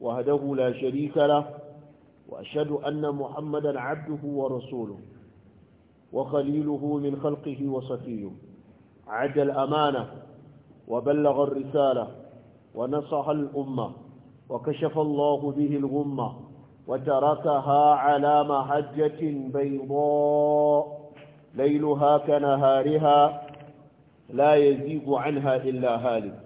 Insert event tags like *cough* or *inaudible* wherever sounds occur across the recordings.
وهده لا شريك له وأشهد أن محمدا عبده ورسوله وخليله من خلقه وصفيه عد الأمانة وبلغ الرسالة ونصح الأمة وكشف الله به الغمة وتركها على مهجة بيضاء ليلها كنهارها لا يزيغ عنها إلا هالك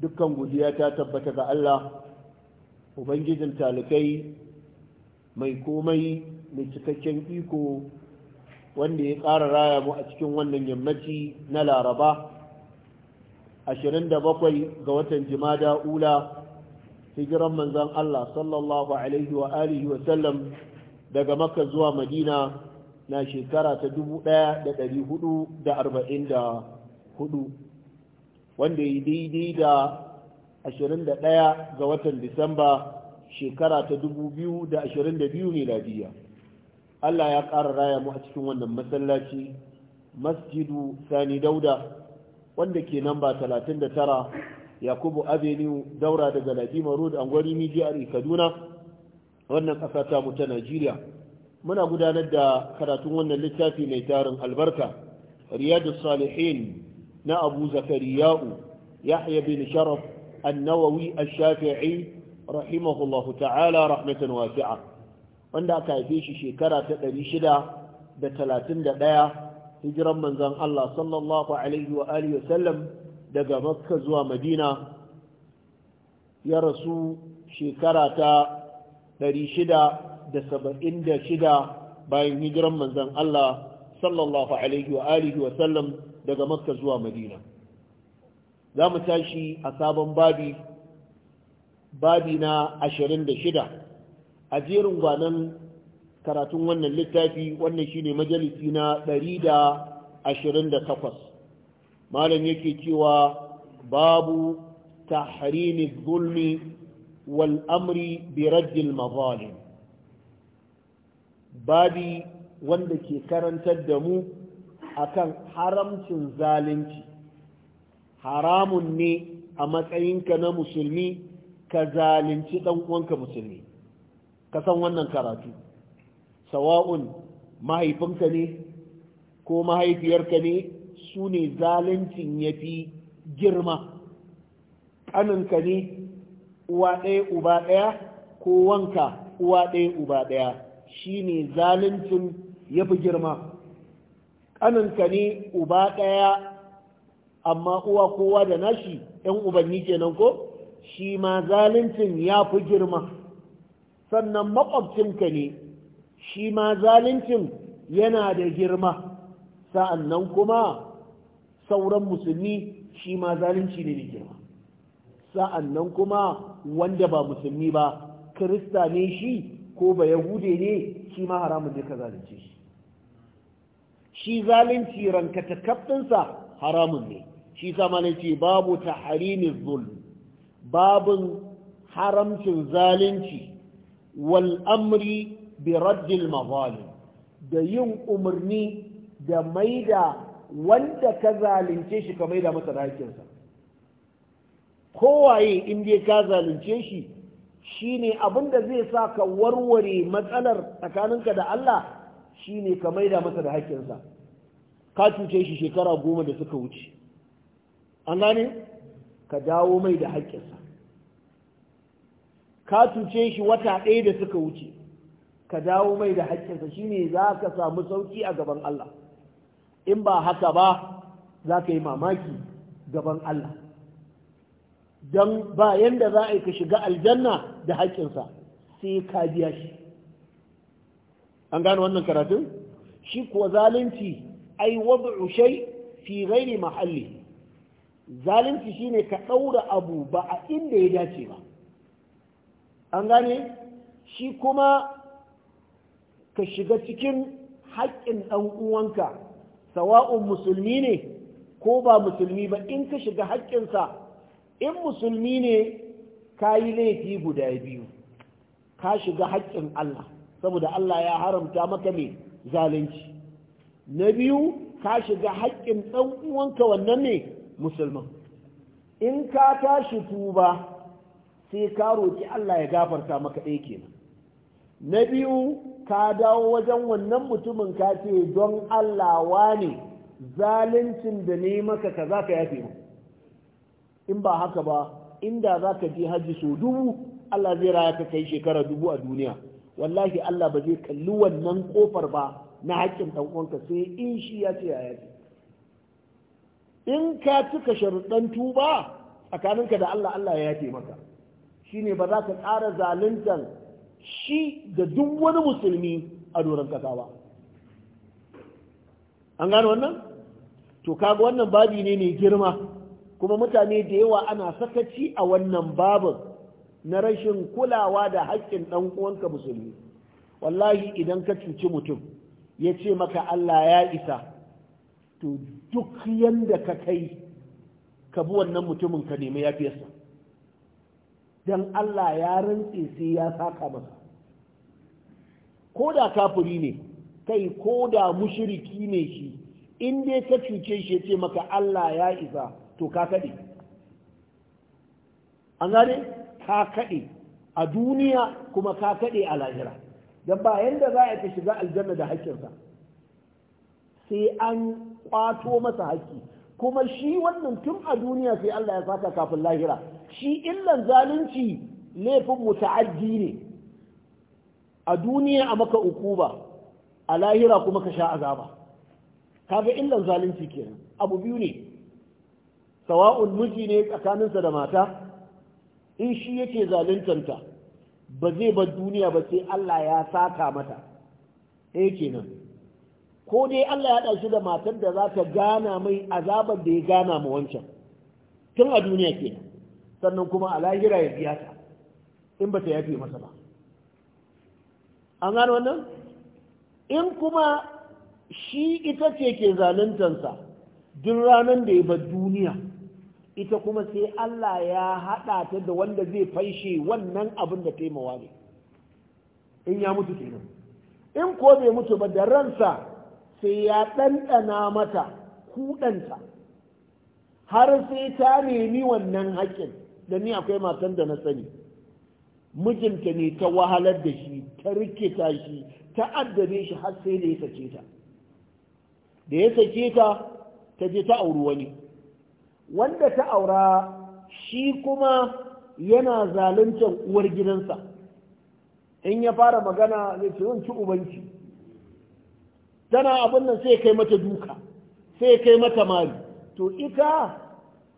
dukkan godiya ta tabbata ga Allah ubangijin talikai mai komai mai cikakken iko wanda ya ƙara raya mu a cikin wannan yammaci na laraba 27 ga watan jimada ula hijiran manzan Allah sallallahu alaihi wa alihi wa sallam daga makka zuwa madina na shekara ta 1444 wanda ya yi daidai da 21 ga watan disamba shekara ta 2022 miladiya Allah ya ƙara raya mu a cikin wannan masallaci masjidu sani dauda wanda ke namba 39 yakubu avenue daura daga ladima road angwari mijiyar kaduna wannan ƙasa ta mu ta najeriya muna gudanar da karatun wannan littafi mai tarin albarka riyadu salihin na abu zakariya'u yahya bin sharaf annawawi ash-shafi'i rahimahullahu ta'ala rahmatan wasi'a wanda aka haife shi shekara ta 631 hijiran manzon Allah sallallahu alaihi wa alihi wa sallam daga makka zuwa madina ya rasu shekara ta 676 bayan hijiran manzon Allah sallallahu alaihi wa alihi wa sallam daga makka zuwa madina za mu tashi a sabon babi babi na ashirin da shida a jerin gwanon karatun wannan littafi wannan shine majalisi na ɗari da ashirin da takwas malam yake cewa babu tahrimi zulmi wal amri bi raddil mazalim babi wanda ke karantar da mu akan haramcin zalunci haramun ne a matsayinka na musulmi ka zalunci ɗan uwanka musulmi ka san wannan karatu sawa'un mahaifinka ne ko mahaifiyarka ne su ne zaluncin ya fi girma ƙaninka ne uwa ɗaya uba ɗaya ko wanka uwa ɗaya uba ɗaya shi ne zaluncin ya fi girma ƙaninka ne uba ɗaya amma uwa kowa da nashi ‘yan ubanni kenan ko shi ma zaluncin ya fi girma sannan makwabcinka ne shi ma zaluncin yana da girma sa'annan kuma sauran musulmi shi ma zalunci ne da girma sa'annan kuma wanda ba musulmi ba kirista ne shi ko ba yahude ne shi ma haramun ne ka zalunce shi shi zalunci rankata haramun ne shi sama ne ce babu ta harimin zulmi babin haramcin zalunci wal amri bi raddil mazalim da yin umarni da maida wanda ka zalunce shi ka maida masa rakinsa kowaye inda ka zalunce shi shine abin da zai sa ka warware matsalar tsakaninka da Allah shi ne ka maida masa da haƙƙinsa ka cuce shi shekara goma da suka wuce an gane ka dawo mai da haƙƙinsa ka cuce shi wata ɗaya da suka wuce ka dawo mai da haƙƙinsa shine za ka samu sauƙi a gaban Allah in ba haka ba za ka yi mamaki gaban Allah don ba yanda za a yi ka shiga aljanna da haƙƙinsa sai ka biya shi an gano wannan karatun shi kuwa zalunci ai wad'u shay fi muhalli. mahalli zalunci shine ka daura abu ba a inda ya dace ba an gane shi kuma ka shiga cikin haƙƙin ɗan uwanka sawa'un musulmi ne ko ba musulmi ba in ka shiga haƙƙinsa in musulmi ne ka yi laifi guda biyu ka shiga haƙƙin Allah saboda Allah ya haramta maka mai zalunci na biyu ka shiga haƙƙin ɗan uwanka wannan ne musulman in ka tashi tuba sai ka roki Allah ya gafarta maka ɗaya kenan na biyu ka dawo wajen wannan mutumin ka ce don Allah wane zaluncin da ne maka ka za ka yafe mu in ba haka ba inda za ka je hajji so dubu Allah zai raya ka kai shekara dubu a duniya wallahi Allah ba zai kalli wannan kofar ba na haƙƙin ɗan uwanka sai in shi ya ce ya yi in ka cika sharuɗan tuba tsakaninka da Allah Allah ya yafe maka shine ba za ka ƙara zaluntar shi da duk wani musulmi a doron ƙasa ba an gano wannan to kaga wannan babi ne mai girma kuma mutane da yawa ana sakaci a wannan babin na rashin kulawa da haƙƙin ɗan uwanka musulmi wallahi idan ka cuci mutum ya ce maka Allah ya isa to duk yanda ka kai ka bi wannan mutumin ka nemi fiye don Allah ya rantse sai ya saka masa ko da kafuri ne kai ko da mushiriki ne shi in dai ka cuce shi ce maka Allah ya isa to ka kaɗe an gane ka kaɗe a duniya kuma ka kaɗe a lahira don ba yadda za a ka shiga aljanna da haƙƙinsa sai an ƙwato masa haƙƙi kuma shi wannan tun a duniya sai Allah ya saka kafin lahira shi illan zalunci laifin muta'addi ne a duniya a maka ukuba a lahira kuma ka sha azaba kaga illan zalunci kenan abu biyu ne sawa'un miji ne tsakaninsa da mata in shi yake zaluntanta ba zai bar duniya ba sai Allah ya saka mata eh kenan ko dai Allah ya dauki da matar da za ta gana mai azabar da ya gana ma wancan tun a duniya kenan sannan kuma a lahira ya biya ta in ba ta yafe masa ba an gano wannan in kuma shi ita ce ke zaluntansa duk ranar da ya bar duniya ita kuma sai Allah ya haɗa ta da wanda zai fanshe wannan abin da taimawa ne in ya mutu kenan in ko bai mutu ba da ransa sai ya ɗanɗana mata kuɗanta har sai ta nemi wannan haƙƙin da ni akwai matan da na sani mijinta ne ta wahalar da shi ta rikita shi ta addabe shi har sai da ya sace ta da ya sace ta ta je ta auri wani wanda ta aura shi kuma yana zaluncin uwar gidansa in ya fara magana zai ce ubanci tana abin nan sai kai mata duka sai kai mata mari to ita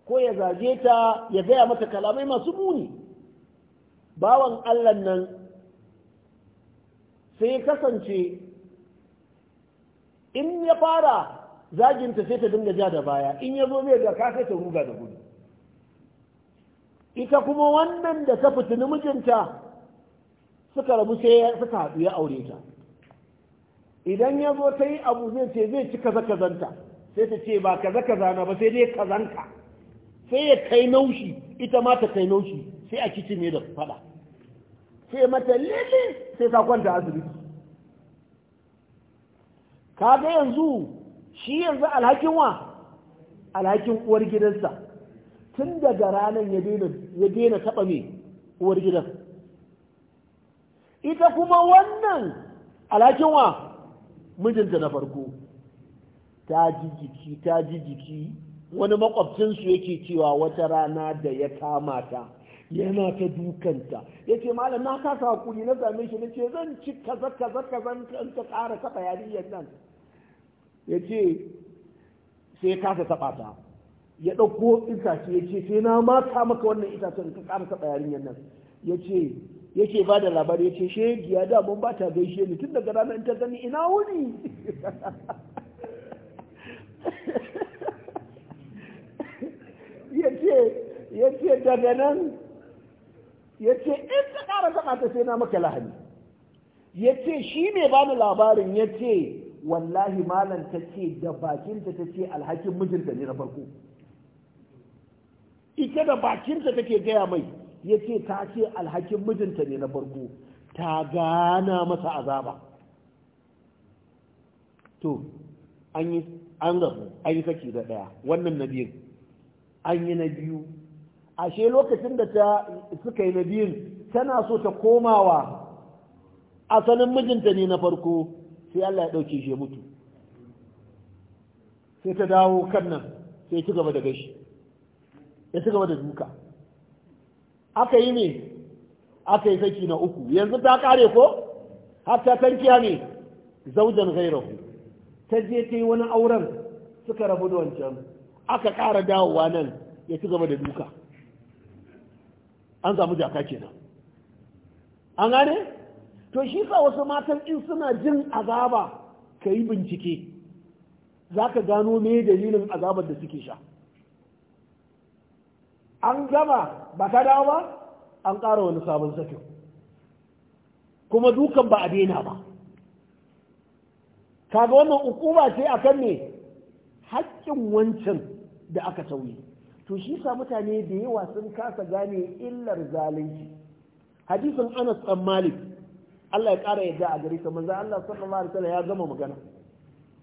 ko ya zaje ta ya gaya mata kalamai masu muni bawan allah nan sai kasance in ya fara zaginta sai ta dinga ja da baya in ya zo mai ga ka ta ruga da gudu ita kuma wannan da ta fitini mijinta suka rabu sai suka haɗu ya aure ta idan ya zo ta yi abu zai ce zai ci kaza kazanta sai ta ce ba kaza kaza na ba sai dai kazanka sai ya kai naushi ita ma ta kai naushi sai a kici ne da fada sai mata lili sai ta kwanta asibiti kaga yanzu shi yanzu alhakin wa alhakin uwar gidansa tun daga ranar ya daina taɓa mai uwar gidan ita kuma wannan alhakin wa mijinta na farko ta ji jiki ta jijiki wani makwabcinsu yake cewa wata rana da ya kama yana ta dukanta Yace ce malam na kasa hakuri na same shi na ce zan ci kaza kaza kaza ƙara taɓa yarinyar nan ya ce sai ya kasa taɓa ta ya ɗauko itace ya ce sai na mata maka wannan itacen ka ƙara taɓa yarinyar nan ya ce ba da labari ya ce giya da mun ba ta gaishe ni tun daga ranar ta gani ina wuni *laughs* ya ce daga nan ya ce in ta ƙara taɓa ta sai na maka lahani ya ce shi ne ba labarin ya ce wallahi malam ta ce da bakinta ta ce alhakin mijinta ne na farko ita da bakinta take gaya mai ya ce ta ce alhakin mijinta ne na farko ta gana masa azaba to an yi an rabu an yi saki da daya wannan na biyun an yi na biyu ashe lokacin da ta suka yi na biyun tana so ta komawa asalin mijinta ne na farko sai Allah ya ɗauke shi ya mutu sai ta dawo kan nan sai ci gaba da gashi ya ci gaba da duka aka yi ne aka yi saki na uku yanzu ta ƙare ko har ta tarkiya ne zaujan gairahu ta je ta yi wani auren suka rabu da wancan aka ƙara dawowa nan ya ci gaba da duka an samu jaka kenan an gane? to shi sa wasu matan in suna jin azaba ka yi bincike za ka gano me dalilin azabar da suke sha an gama ba ta dawo ba an ƙara wani sabon sakin kuma dukan ba a daina ba kaga wannan ukuba ce akan ne haƙƙin wancan da aka sauyi to shi sa mutane da yawa sun kasa gane illar zalunci hadisin anas dan malik Allah ya ƙara yadda a gare ka manzo Allah sallallahu alaihi wasallam ya gama magana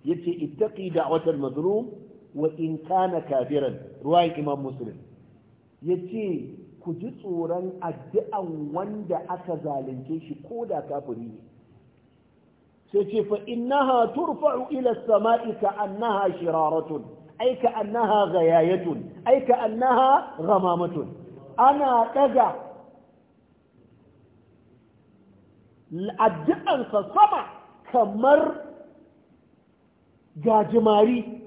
yace ittaqi da'watal mazlum wa in kana kafiran ruwayan Imam Muslim yace ku ji tsoron addu'an wanda aka zalunce shi ko da kafiri ne sai ce fa innaha turfa'u ila as-sama'i ka'annaha shiraratun ay ka'annaha ghayayatun ay annaha ghamamatun ana daga addu'ansa sama kamar gajimari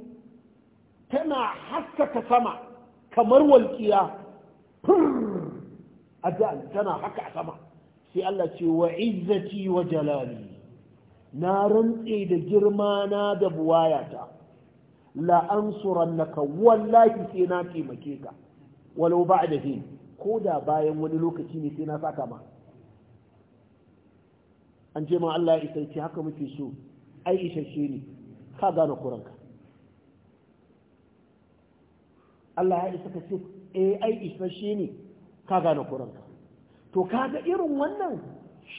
tana haskaka sama kamar walƙiya addu'an tana haka a sama sai Allah ce wa izzati wa jalali na rantse da girma na da buwayata la ansurannaka wallahi sai na taimake ka walau a hin ko da bayan wani lokaci ne sai na saka ma an ce ma Allah ya isarci haka muke so ai isasshe ne ka gane kuranka Allah ya isa ka ce eh ai isasshe ne ka gane kuranka to kaga irin wannan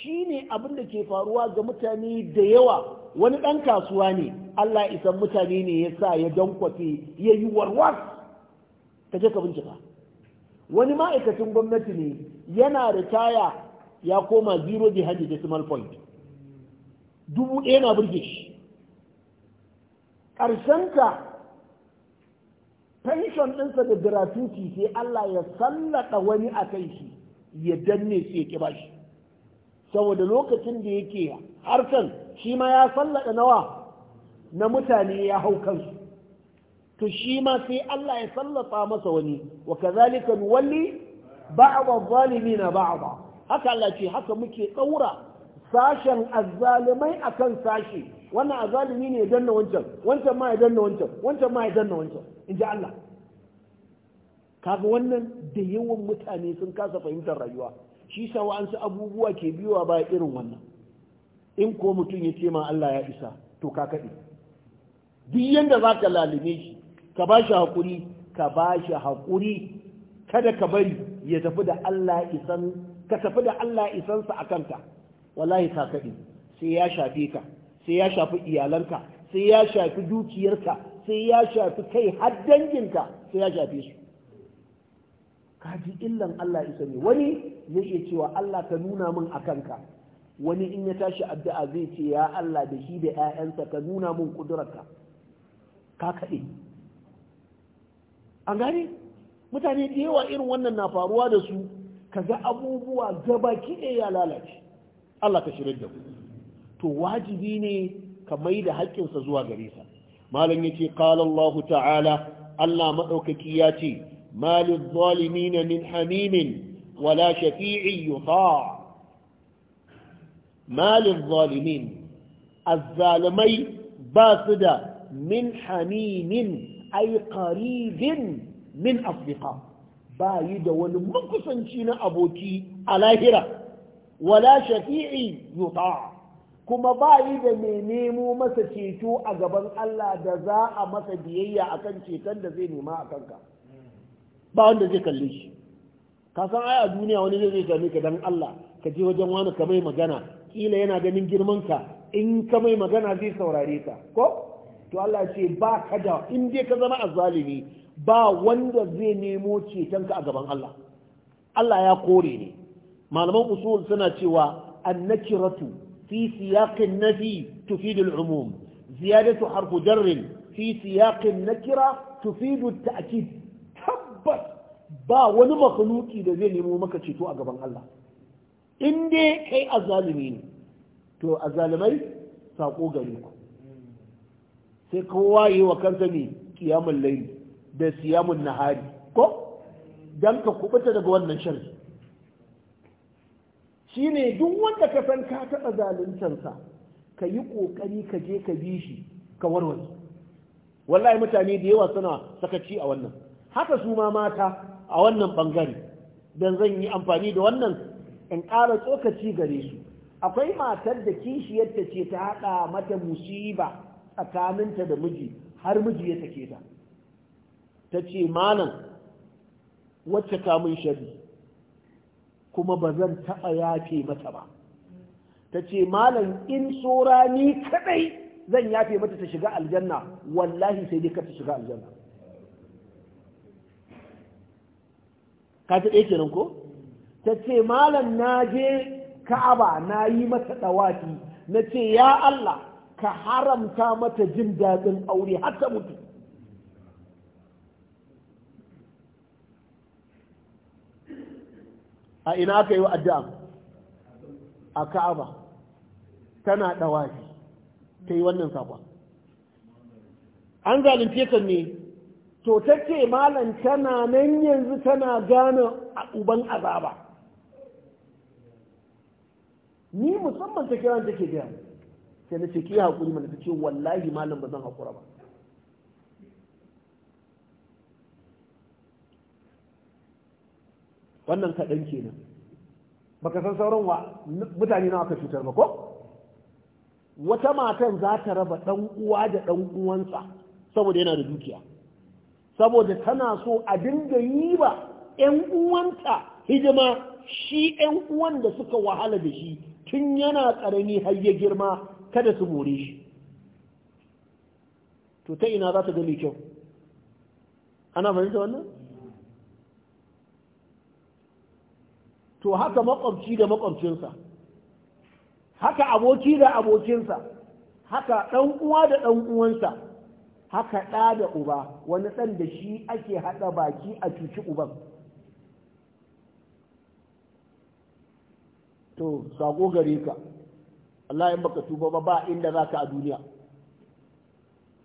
shine abin da ke faruwa ga mutane da yawa wani dan kasuwa ne Allah isa mutane ne ya sa ya dankwafe ya yi warwar ka je ka bincika wani ma'aikacin gwamnati ne yana ritaya ya koma zero behind the decimal point dubu ɗaya na burge shi ƙarshenta pension ɗinsa da gratuity sai Allah ya sallaka wani a kai shi ya danne su ya ƙiba shi saboda lokacin da yake harkan shi ma ya sallaka nawa na mutane ya hau kansu to shi ma sai Allah ya sallata masa wani wa kazalika nuwalli ba'd na ba'a ba. haka Allah ce haka muke daura sashen azzalimai akan sashe wannan azzalimi ne ya danna wancan wancan ma ya danna wancan wancan ma ya danna wancan in ji Allah kaga wannan da yawan mutane sun kasa fahimtar rayuwa shi sa wa'ansu abubuwa ke biyowa baya irin wannan in ko mutum ya ce ma Allah ya isa to ka kaɗe duk yadda za ka lalime shi ka ba shi haƙuri ka ba shi haƙuri kada ka bari ya tafi da Allah isan ka tafi da Allah isansa a kanta wallahi ka sai ya shafe ka sai ya shafi iyalanka sai ya shafi dukiyarka sai ya shafi kai har danginka sai ya shafi su kaji illan Allah isa ne wani zai iya cewa Allah ka nuna min a kanka wani in ya tashi addu'a zai ce ya Allah da shi da 'ya'yansa ka nuna min kudurarka ka kaɗe an gane mutane da yawa irin wannan na faruwa da su kaga abubuwa gabaki ɗaya ya lalace Allah ka shirin da ku to wajibi ne ka mai da haƙƙinsa zuwa gare sa malam yace qala Allah ta'ala Allah maɗaukaki ya ce malil na min hamimin wala shafi'i yuta malil zalimin azzalimai ba su da min hamimin ay qaribin min Afrika. ba yi da wani makusanci na aboki a lahira wala shafi'i yuta kuma ba yi da mai nemo masa ceto a gaban Allah da za a masa biyayya a kan ceton da zai nema a kanka ba wanda zai kalli shi ka san ai a duniya wani zai zai same ka dan Allah ka je wajen wani ka mai magana kila yana ganin girman ka in ka mai magana zai saurare ka ko to Allah ce ba ka da in dai ka zama azzalimi ba wanda zai nemo cetonka a gaban Allah Allah ya kore ne malaman usul suna cewa annakiratu fi siyaqin nafi tufidul umum ziyadatu harfu jarrin fi siyaqin nakira tufidu ta'kid tabbas ba wani makhluki da zai nemo maka ceto a gaban Allah Inde kai azalimi ne to azalimai sako gare ku sai kowa yi wa kansa ne kiyamul layli da siyamun nahari ko don ka kubuta daga wannan sharri shi ne duk wanda ka san ka taɓa sa, ka yi ƙoƙari ka je ka bi shi ka warware wallahi mutane da yawa suna sakaci a wannan haka su ma mata a wannan ɓangare don zan yi amfani da wannan in ƙara tsokaci gare su akwai matar da kishiyarta ce ta haɗa mata musiba tsakaninta da miji har miji ya take ta ta ce malam wacce mun shari kuma ba zan taɓa yafe mata ba ta ce malam in tsora ni kaɗai zan yafe mata ta shiga aljanna wallahi sai dai kar ta shiga aljanna ka ta ɗaya kenan ko ta ce malam na je ka'aba na yi mata ɗawafi na ce ya Allah ka haramta mata jin daɗin aure har ta mutu a ina aka yi wa addu'a a ka'aba tana dawafi ta yi wannan sakwa. an zalunce ka ne to ta malam tana nan yanzu tana gane uban azaba ni musamman ta kiran take biya sai na ce ki haƙuri mana ta ce wallahi malam ba zan haƙura ba wannan kaɗan kenan baka san sauran wa mutane na aka cutar ba ko wata matan za ta raba ɗan uwa da ɗan uwansa saboda yana da dukiya saboda tana so a dinga yi ba ‘yan uwanta hidima shi ‘yan uwan da suka wahala da shi tun yana ƙarami har ya girma kada su more shi to ta ina za ta ga mai kyau ana fahimta wannan to haka makwabci da makwabcinsa haka aboki da abokinsa haka ɗan uwa da ɗan uwansa haka ɗa da uba wani ɗan da shi ake haɗa baki a cuci uban to sako gare ka Allah in baka tuba ba ba inda za ka a duniya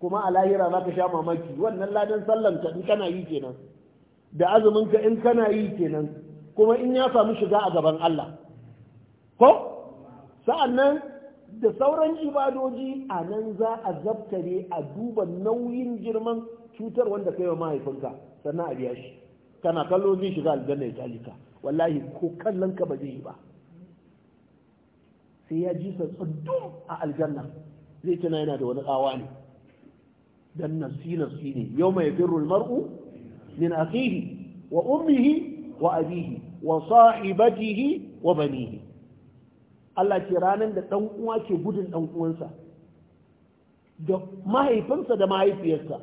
kuma a lahira za sha mamaki wannan ladan sallanka in kana yi kenan da azuminka in kana yi kenan kuma in ya samu shiga a gaban Allah ko sa'annan da sauran ibadoji a nan za a zabtare a duba nauyin girman cutar wanda kai wa mahaifinka sannan a biya shi kana kallo zai shiga aljanna ya talika wallahi ko kallon ka ba zai yi ba sai ya ji tsaddum a aljanna zai tana yana da wani tsawa ne dan nafsi nafsi ne yau mai firul mar'u min akhihi wa ummihi wa abihi wa sahibatihi wa banihi Allah ce ranar da ɗan uwa ke gudun ɗan uwansa da mahaifinsa da mahaifiyarsa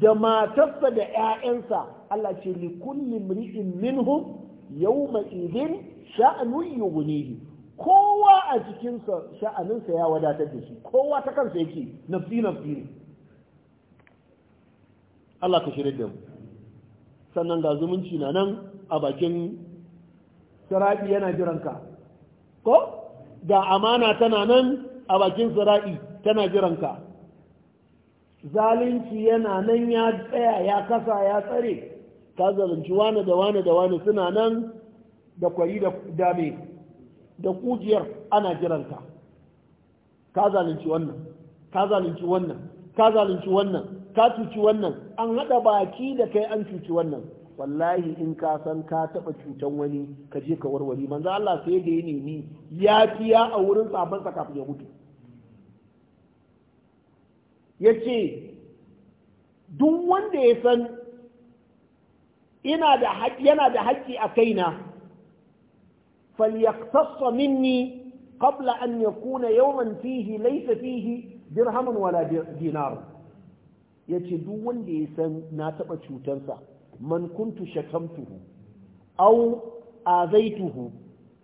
da matarsa da ‘ya'yansa Allah ce li kulli mri'in minhum yawma idin sha'anun yughnihi kowa a cikinsa sa ya wadatar da shi kowa ta kansa yake nafsi nafsi ne Allah ka shirya da mu sannan ga zumunci na nan a bakin sirabi yana jiranka ko ga amana tana nan a bakin sirabi tana jiranka zalunci yana nan ya tsaya ya kasa ya tsare ka zalunci wane da wane da wane suna nan da kwari da dame da kujiyar ana jiranka ka zalunci wannan ka zalunci wannan ka zalunci wannan ka cuci wannan an haɗa baki da kai an cuci wannan wallahi in ka san ka taɓa cutan wani ka je ka warware manzo Allah sai da ya nemi yafiya a wurin sabansa kafin ya mutu ya ce duk wanda ya san yana da haƙƙi a kaina falyaktassa minni qabla an kuna yawan fihi laysa fihi dirhamun wala dinar yace duk wanda ya san na taɓa cutansa man tuhu, shakamtuhu aw azaituhu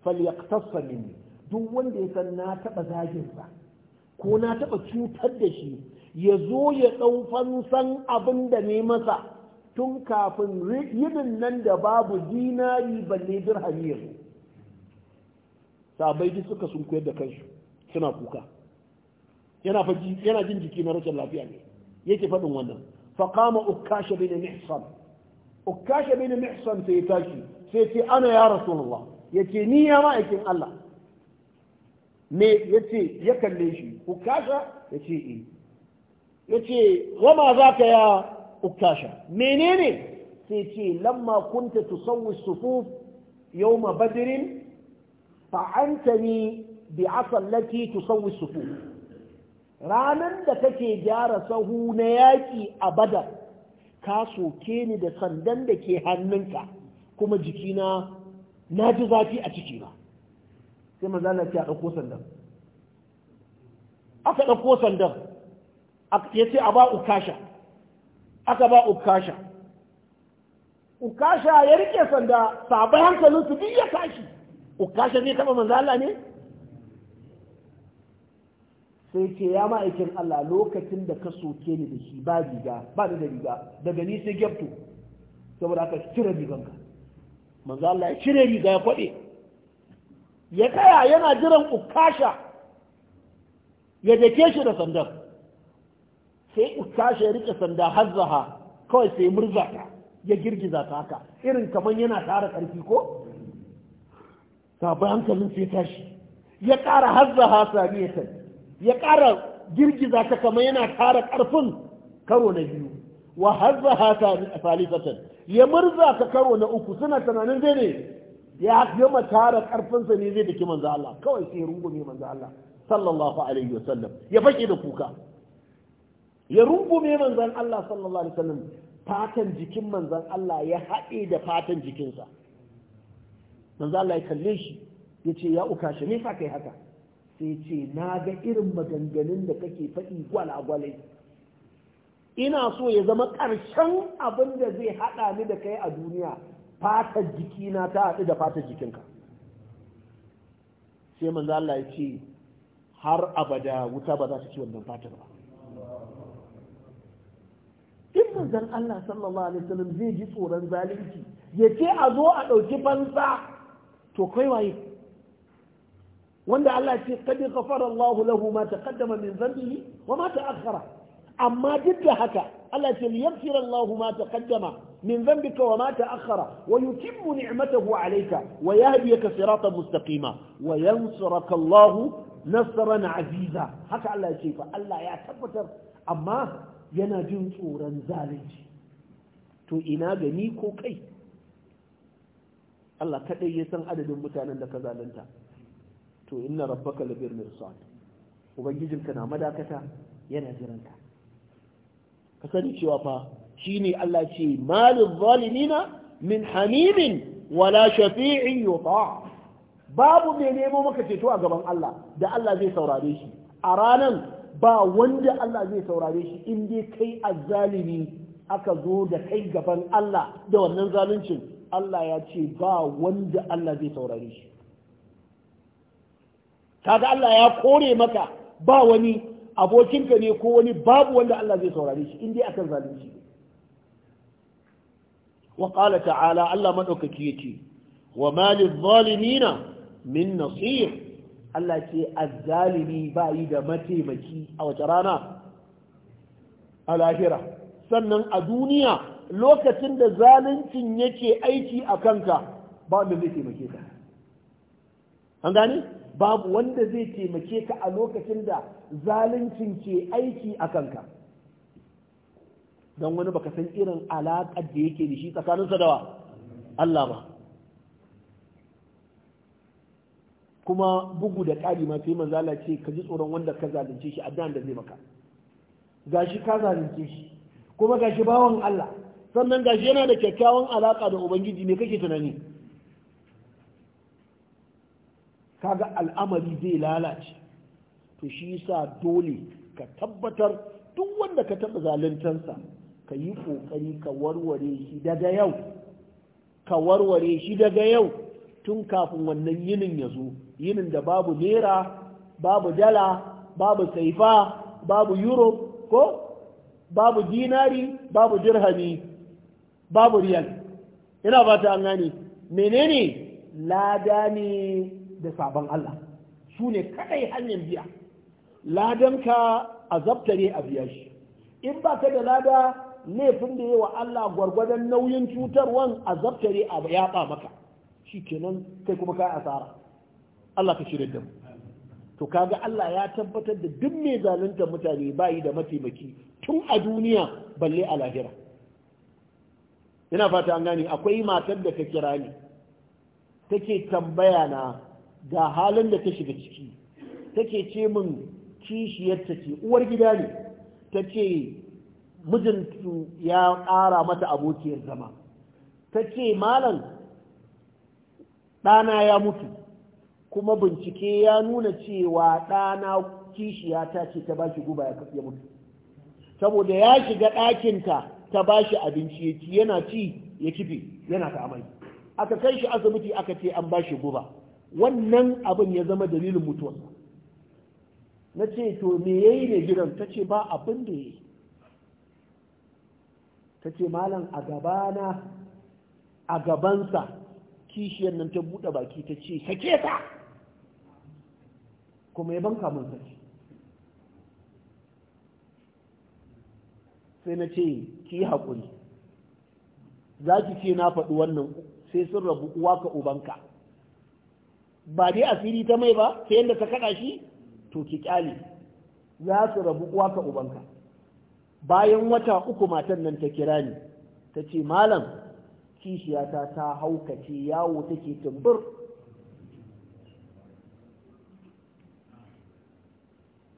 falyaqtassa minni duk wanda ya san na taɓa zagin ko na taɓa cutar da shi ya zo ya dau fansan abin da ne masa tun kafin yinin nan da babu zinari balle dirhami ya zo sabai duk suka sun koyar da kansu suna kuka yana faji yana jin jiki na rashin lafiya ne yake faɗin wannan faqama ukasha bin mihsan ukasha bin mihsan sai ya tashi sai ce ana ya rasulullah yace ni ya ma'aikin Allah me yace ya kalle shi ukasha yace eh yace wama zaka ya ukasha menene sai ce lamma kunta tusawwi sufuf yawma badrin fa'antani bi'asa allati tusawwi sufuf ranan da kake gyara sahu na yaki a badar ka soke ni da sandan da ke hannunka kuma jikina na ji zafi a cikina sai manzo ce ya ɗauko sandan aka ɗauko sandan ya ce a ba ukasha aka ba ukasha ukasha ya rike sanda sabai hankalin su duk ya kashi ukasha zai taɓa manzo Allah ne sai ce ya ma'aikin Allah lokacin da ka soke ni da shi ba riga ba da riga daga ni sai gefto saboda aka cire riganka manzo Allah ya cire riga ya kwade ya tsaya yana jiran ukasha ya dake shi da sandan sai ukasha ya rike sanda hazzaha kawai sai murza ta ya girgiza ta haka irin kamar yana tara ƙarfi ko ta bayan kalin sai tashi ya ƙara hazzaha saniyatan ya ƙara girgiza ta kamar yana ƙara ƙarfin karo na biyu wa hazza hata salifatan ya murza ta karo na uku suna tunanin zai ne ya gama tara ƙarfinsa ne zai daki manzo Allah kawai sai rungume manzo Allah sallallahu alaihi wasallam ya fake da kuka ya rungume manzo Allah sallallahu alaihi wasallam fatan jikin manzo Allah ya haɗe da fatan jikinsa manzo Allah ya kalle shi ya ce ya uka shi me fa kai haka sai ce na ga irin maganganun da kake faɗi gwalagwale ina so ya zama ƙarshen abin da zai haɗa ni da kai a duniya fatar jikina ta haɗu da fatar jikinka sai manzo Allah ya ce har abada wuta ba za ta ci wannan fatar ba in manzon Allah sallallahu alaihi wasallam zai ji tsoron zalunci ya ce a zo a ɗauki fansa to kai waye wanda Allah ce kadi ghafara Allah lahu ma taqaddama min dhanbihi wa ma ta'akhkhara amma duk da haka Allah ce liyaghfira Allah ma taqaddama min dhanbika wa ma ta'akhkhara wa yutimmu ni'matahu 'alayka wa yahdiyaka siratan mustaqima wa yansuraka Allah nasran 'aziza haka Allah ya ce fa Allah ya tabbatar amma yana jin tsoron zalunci to ina gani ko kai Allah kadai ya san adadin mutanen da ka zalunta to inna rabbaka labir mirsad ubangijinka na madakata yana jiranta ka sani cewa fa shine Allah ce malul zalimina min hamimin wala shafi'in yuta babu mai nemo maka ceto a gaban Allah da Allah zai saurare shi a ranan ba wanda Allah zai saurare shi in dai kai azzalimi aka zo da kai gaban Allah da wannan zaluncin Allah ya ce ba wanda Allah zai saurare shi kaga Allah ya kore maka ba wani abokinka ne ko wani babu wanda Allah zai saurare shi indai akan zalunci wa qala ta'ala Allah madaukaki yace wa malil zalimina min nasir Allah ce azzalimi ba yi da mataimaki a wace rana a lahira sannan a duniya lokacin da zaluncin yake aiki a kanka ba wanda zai taimake ka an gane babu wanda zai taimake ka a lokacin da zaluncin ke aiki a kanka don wani baka san irin alaƙar da yake da shi tsakaninsa da wa Allah ba kuma bugu da ƙari ma sai manzala ce ka ji tsoron wanda ka zalunce shi addan da zai maka gashi ka zalunce shi kuma gashi bawan Allah sannan gashi yana da kyakkyawan alaƙa da ubangiji me kake tunani kaga al'amari zai lalace to shi yasa dole ka tabbatar duk wanda ka taɓa zaluntansa ka yi ƙoƙari ka warware shi daga yau ka warware shi daga yau tun kafin wannan yinin ya zo yinin da babu naira babu dala babu saifa babu euro ko babu dinari babu dirhami babu riyal ina ba ta an gane menene lada ne da sabon Allah su ne kadai hanyar biya ladanka a zaftare a biya shi in ba ka da lada laifin da yi wa Allah gwargwadon nauyin cutarwan a zaftare a yaba maka shi kenan kai kuma ka asara Allah ka shirya da mu to kaga Allah ya tabbatar da duk mai zalunta mutane bayi da mataimaki tun a duniya balle a lahira ina fata an gane akwai matar da ka kira ni take tambaya na ga halin da ta shiga ciki take ce min kishiyarta ce uwar gida ne ta ce mijintu ya ƙara mata abokiyar zama ta ce malam ɗana ya mutu kuma bincike ya nuna cewa ɗana kishiya ta ce ta ba shi guba ya mutu saboda ya shiga ɗakinta ta ba shi abinci yana ci ya kife yana ta amai aka kai shi asibiti aka ce an ba shi guba wannan abin ya zama dalilin mutuwa na ce to me ya yi ne gidan ta ce ba abin da ya yi ta ce malam a gabana a gabansa kishiyar nan ta buɗe baki ta ce sake ta kuma ya banka mun sake sai na ce ki yi haƙuri za ki ce na faɗi wannan sai sun rabu uwa ka ubanka ba dai asiri ta mai ba sai yadda ta kada shi to ki kyale za su rabu uwa ka ubanka bayan wata uku matan nan ta kira ni ta ce malam kishiyata ta haukace yawo take tumbur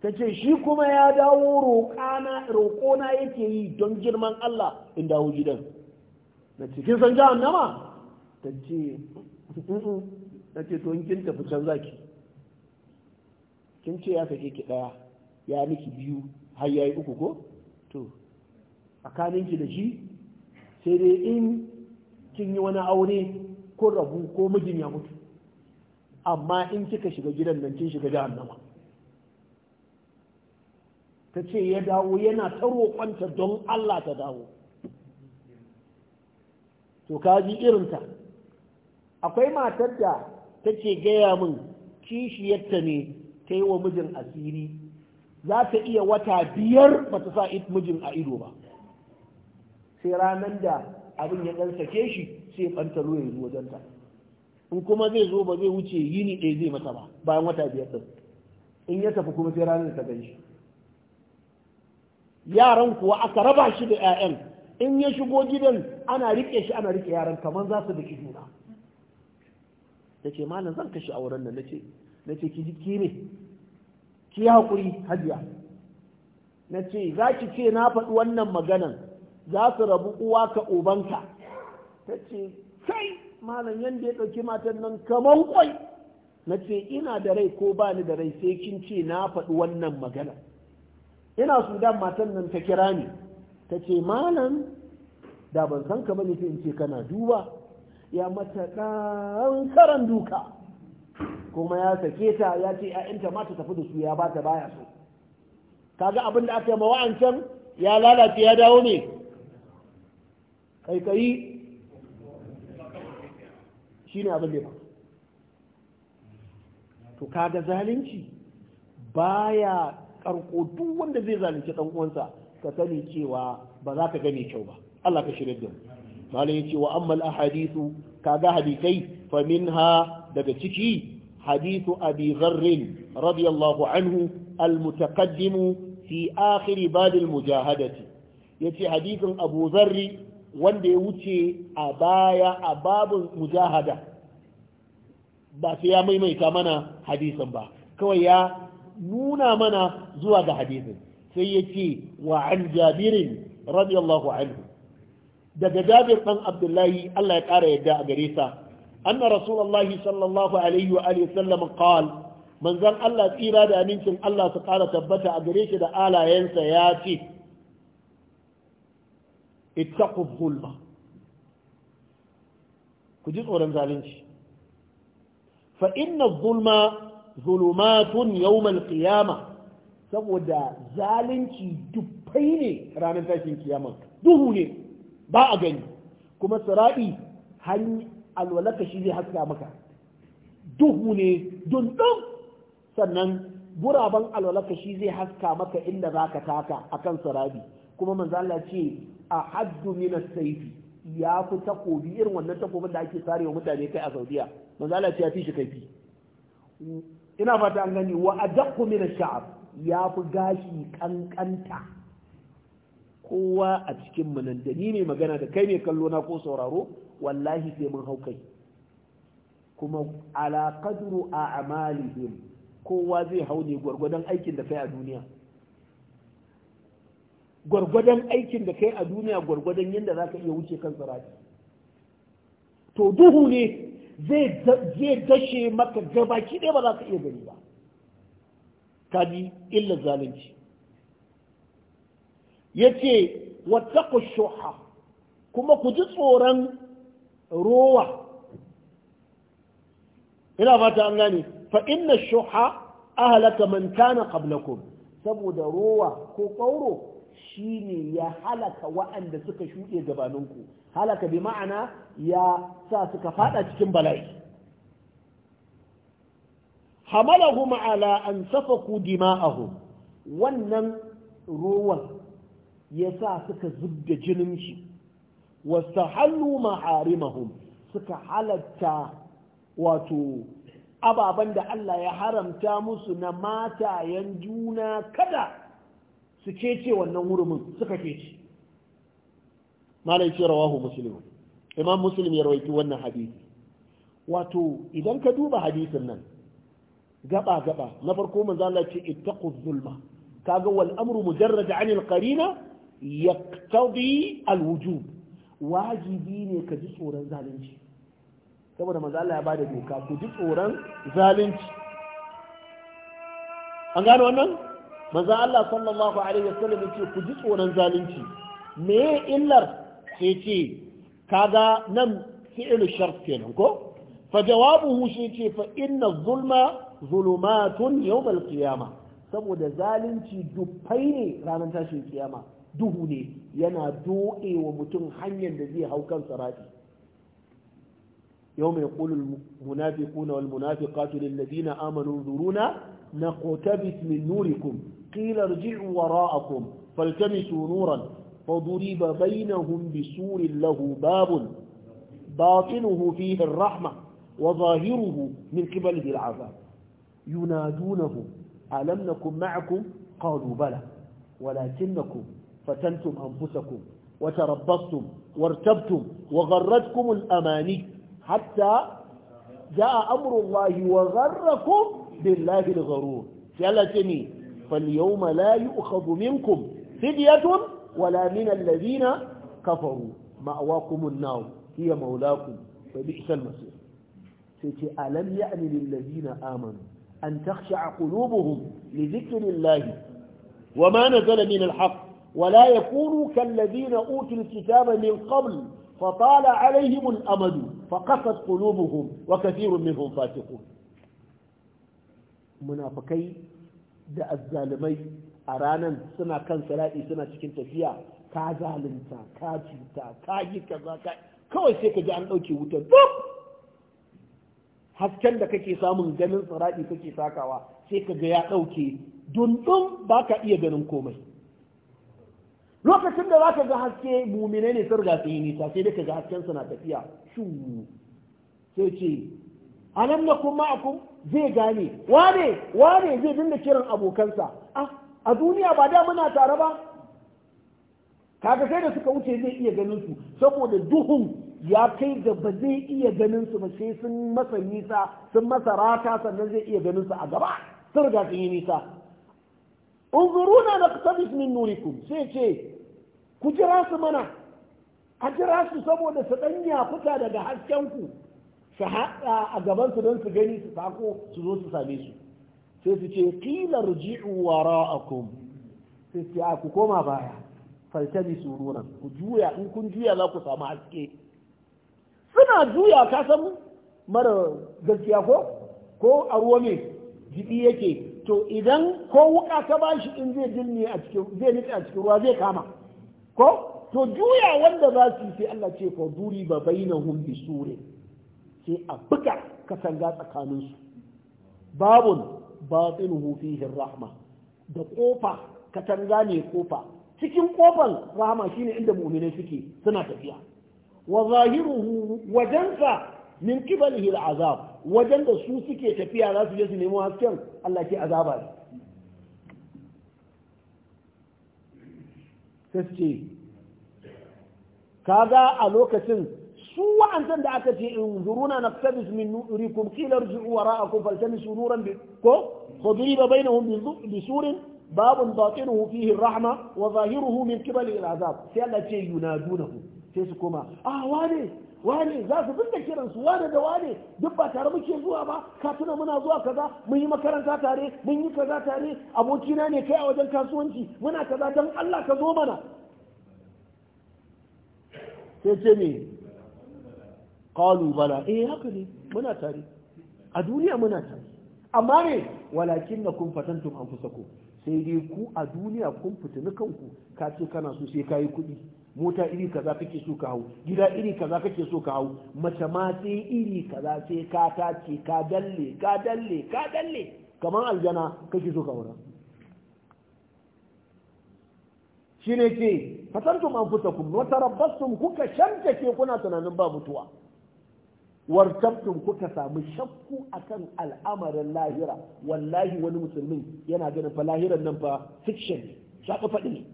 ta ce shi kuma ya dawo roƙona yake yi don girman Allah in dawo gidan na cikin san jahannama ta ce na ce to kin tafi can zaki kin ce ya sake ki daya ya miki biyu har yayi uku ko to ki da shi sai dai in kin yi wani aure ko rabu ko mijin ya mutu amma in kika shiga gidan nan kin shiga jahannama ta ce ya dawo yana ta kwanta don Allah ta dawo to kaji irinta akwai matar da Tace gaya min kishiyarta ne ta yi wa mijin asiri za ta iya wata biyar ba ta sa mijin a ido ba sai ranar da abin ya ɗan sake shi sai ruwa ya zo janta in kuma zai zo ba zai wuce yini ɗaya zai mata ba bayan wata biyar ɗin in ya tafi kuma sai ranar ta gan shi yaran kuwa aka raba shi da 'ya'yan in ya shigo gidan ana riƙe shi ana riƙe yaran kamar za su da juna ta ce malam zan kashe auren nan na ce ki ji ne ki haƙuri hajiya na ce za ki ce na faɗi wannan maganan za su rabu uwa ka ubanka ta ce kai malam yadda ya ɗauki matan nan kamar kwai na ce ina da rai ko ba ni da rai sai kin ce na faɗi wannan magana ina sudan matan nan ta kira ni ta ce malam da ban san ka bane sai in ce kana duba ya mata ɗan karan duka kuma ya sake ta ya ce ‘ya'yanta ma ta tafi da su ya ba ta baya so kaga abin da aka yi mawa'ancan ya lalace ya dawo ne kaikayi shi ne abin da ba to kaga zalunci baya karko duk wanda zai zalunci ɗan uwansa ka sani cewa ba za ka gane kyau ba Allah ka shirya da mu malai yace wa ammal ka kaga hadisai fa ha daga ciki hadisu abi dharr radiyallahu anhu al mutaqaddim fi akhiri badil al mujahadati yace hadithin abu wanda ya wuce a baya a babu mujahada ba sai ya maimaita mana hadisin ba kawai ya nuna mana zuwa ga hadisin sai ya ce wa an jabirin radiyallahu anhu daga jabir ɗan abdullahi Allah ya ƙara yadda a gare sa anna rasulallah sallallahu alaihi wa alihi sallam qal manzon Allah tsira da amincin Allah su ƙara tabbata a gare shi da alayensa ya ce ittaqu zulma ku ji tsoron zalunci fa inna zulma zulumatun yawmal qiyamah saboda zalunci dubbai ne ranar tashin kiyama duhu ne ba a gani kuma sirabi hanyar alwalaka shi zai haska maka duhu ne dundun sannan guraben alwalaka shi zai haska maka inda za ka taka a kan sirabi kuma manzala ce a haddu mina saifi ya fi takobi irin wannan takobin da ake sarewa mutane kai a saudiya manzala ce ya fi shi kaifi ina fata an gani wa adaqu min ya fi gashi kankanta kowa a cikin mu nan da ni mai magana da kai mai kallo na ko sauraro wallahi sai mun hau kai kuma ala qadru a'malihim kowa zai hau ne gwargwadon aikin da kai a duniya gwargwadon aikin da kai a duniya gwargwadon yadda zaka ka iya wuce kan tsirati to duhu ne zai dashe maka gabaki ɗaya ba za ka iya gani ba ka ji illar zalunci Ya yace wattaqu shuha kuma ku ji tsoron rowa ina fata an gane fa inna shuha ahlaka man kana qablakum saboda rowa ko kauro shine ya halaka wa'anda suka shuɗe gabaninku halaka bi ma'ana ya sa suka fada cikin bala'i hamalahum ala an safaku dima'ahum wannan rowan ya sa suka zubda jinin shi wastahallu maharimahum suka halatta wato ababen da Allah ya haramta musu na matayen juna kada su kece wannan hurumin suka kece malai rawahu muslim imam musulmi ya rawaito wannan hadisi wato idan ka duba hadisin nan gaba gaba na farko manzo Allah ce ittaqu zulma kaga wal amru mujarrad anil ƙarina. yaqtadi alwujub wajibi ne ka ji tsoron zalunci saboda manzo Allah ya bada doka ku ji tsoron zalunci an gano wannan manzo Allah sallallahu alaihi wasallam yace ku ji tsoron zalunci me illar sai ce kaga nan fi'il shart kenan ko fa jawabuhu shi ce fa inna zulma zulumatun yawm al saboda zalunci dufai ne ranar tashin kiyama duhu ne yana doɗe wa mutum hanyar da zai hau kan sarati يوم يقول المنافقون والمنافقات للذين آمنوا انظرونا نقتبس من نوركم قيل ارجعوا وراءكم فالتمسوا نورا فضرب بينهم بسور له باب باطنه فيه الرحمة وظاهره من قبله العذاب ينادونهم ألم نكن معكم قالوا بلى ولكنكم فتنتم أنفسكم وتربصتم وارتبتم وغرتكم الأماني حتى جاء أمر الله وغركم بالله الغرور ثلاثني فاليوم لا يؤخذ منكم فدية ولا من الذين كفروا مأواكم النار هي مولاكم فبئس المصير ألم يعني للذين آمنوا أن تخشع قلوبهم لذكر الله وما نزل من الحق ولا يكونوا كالذين أوتوا الكتاب من قبل فطال عليهم الأمد فقست قلوبهم وكثير منهم فاتقون munafukai da azzalumai a ranan suna kan sara'i suna cikin tafiya ka zalunta ka cuta ka yi kaza ka kawai sai ka ji an dauke wuta duk hasken da kake samun ganin sara'i kake sakawa sai ka ga ya ɗauke dundun ba ka iya ganin komai lokacin da za ka ga haske mumine ne sun riga yi sai dai ka ga hasken na tafiya shu sai ce alam na kuma akum zai gane wane wane zai dinda kiran abokansa ah, a duniya ba da muna tare ba kaga sai da suka wuce zai iya ganin su saboda duhun ya kai da ba zai iya ganin su ba sai sun masa nisa sun masa rata sannan zai iya ganin su a gaba sun riga sun yi nisa unzuruna naqtabis min nurikum sai ku jira su mana a jira su saboda su ɗanya fita daga haskenku su haɗa a gaban su don su gani su sako su zo su same su sai su ce kila ruji'u wara'akum sai su ku koma baya faltabi nuna. ku juya in kun juya za ku samu haske suna juya ka san mara gaskiya ko ko a ruwa me jibi yake to idan ko wuka ka bashi in zai dinne a cikin zai nitsa a cikin ruwa zai kama ko to juya wanda za su sai Allah ce fa duri ba bainahum bi sure sai a buga katanga tsakanin su babun batinuhu fihi rahma da kofa katanga ne kofa cikin kofan rahama shine inda mu'minai suke suna tafiya wa zahiruhu wajensa min qibalihi al'azab wajen da su suke tafiya za su je su nemo hasken Allah ke azaba ne sai ka kaga a lokacin su wa'ancan da aka ce in zuruna na sabis min nurikum qila rji'u wara'akum faltamisu nuran bi ko fadriba bainahum bi surin babun batinuhu fihi rahma wa zahiruhu min qibali al-azab sai Allah ce yunadunahu sai su koma ah wane wane za su dinga kiran su wane da wane duk ba tare muke zuwa ba ka tuna muna zuwa kaza mun yi makaranta tare mun yi kaza tare abokina ne kai a wajen kasuwanci muna kaza don Allah ka zo mana sai ce me qalu bala eh haka ne muna tare a duniya muna tare amma ne walakinnakum fatantum anfusakum sai dai ku a duniya kun fitini kanku ka ce kana so sai kayi kuɗi mota iri kaza kake so ka hau gida iri kaza kake so ka hau mace ma sai iri kaza sai ka tace ka dalle ka dalle ka dalle kamar aljana kake so ka aura shine ce fatantum anfusakum wa tarabbastum kuka ke kuna tunanin ba mutuwa wartabtum kuka samu shakku akan al'amarin lahira wallahi wani musulmin yana ganin fa lahiran nan fa fiction shaka faɗi ne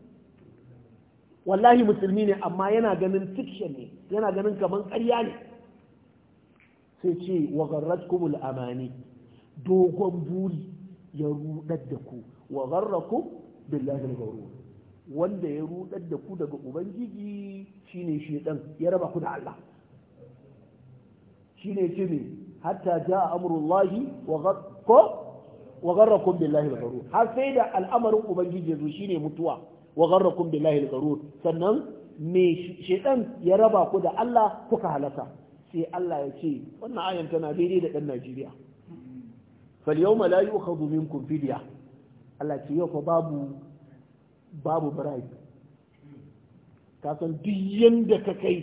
wallahi musulmi ne amma yana ganin fiction ne yana ganin kaman ƙarya ne sai ce wa gharratkumul amani dogon buri ya rudar da ku wa gharrakum billahi al-ghurur wanda ya rudar da ku daga ubangiji shine shedan ya raba ku da Allah shine ce ne hatta jaa amrullahi wa gharrakum wa gharrakum billahi al har sai da al'amarin ubangiji ya zo shine mutuwa wa gharrakum billahi al-gharur sannan me shedan ya raba ku da Allah kuka halaka sai Allah ya ce wannan ayan tana daidai da dan Najeriya fal yawma la yu'khadhu minkum fidya Allah ce yau fa babu babu bribe ka san duk yanda ka kai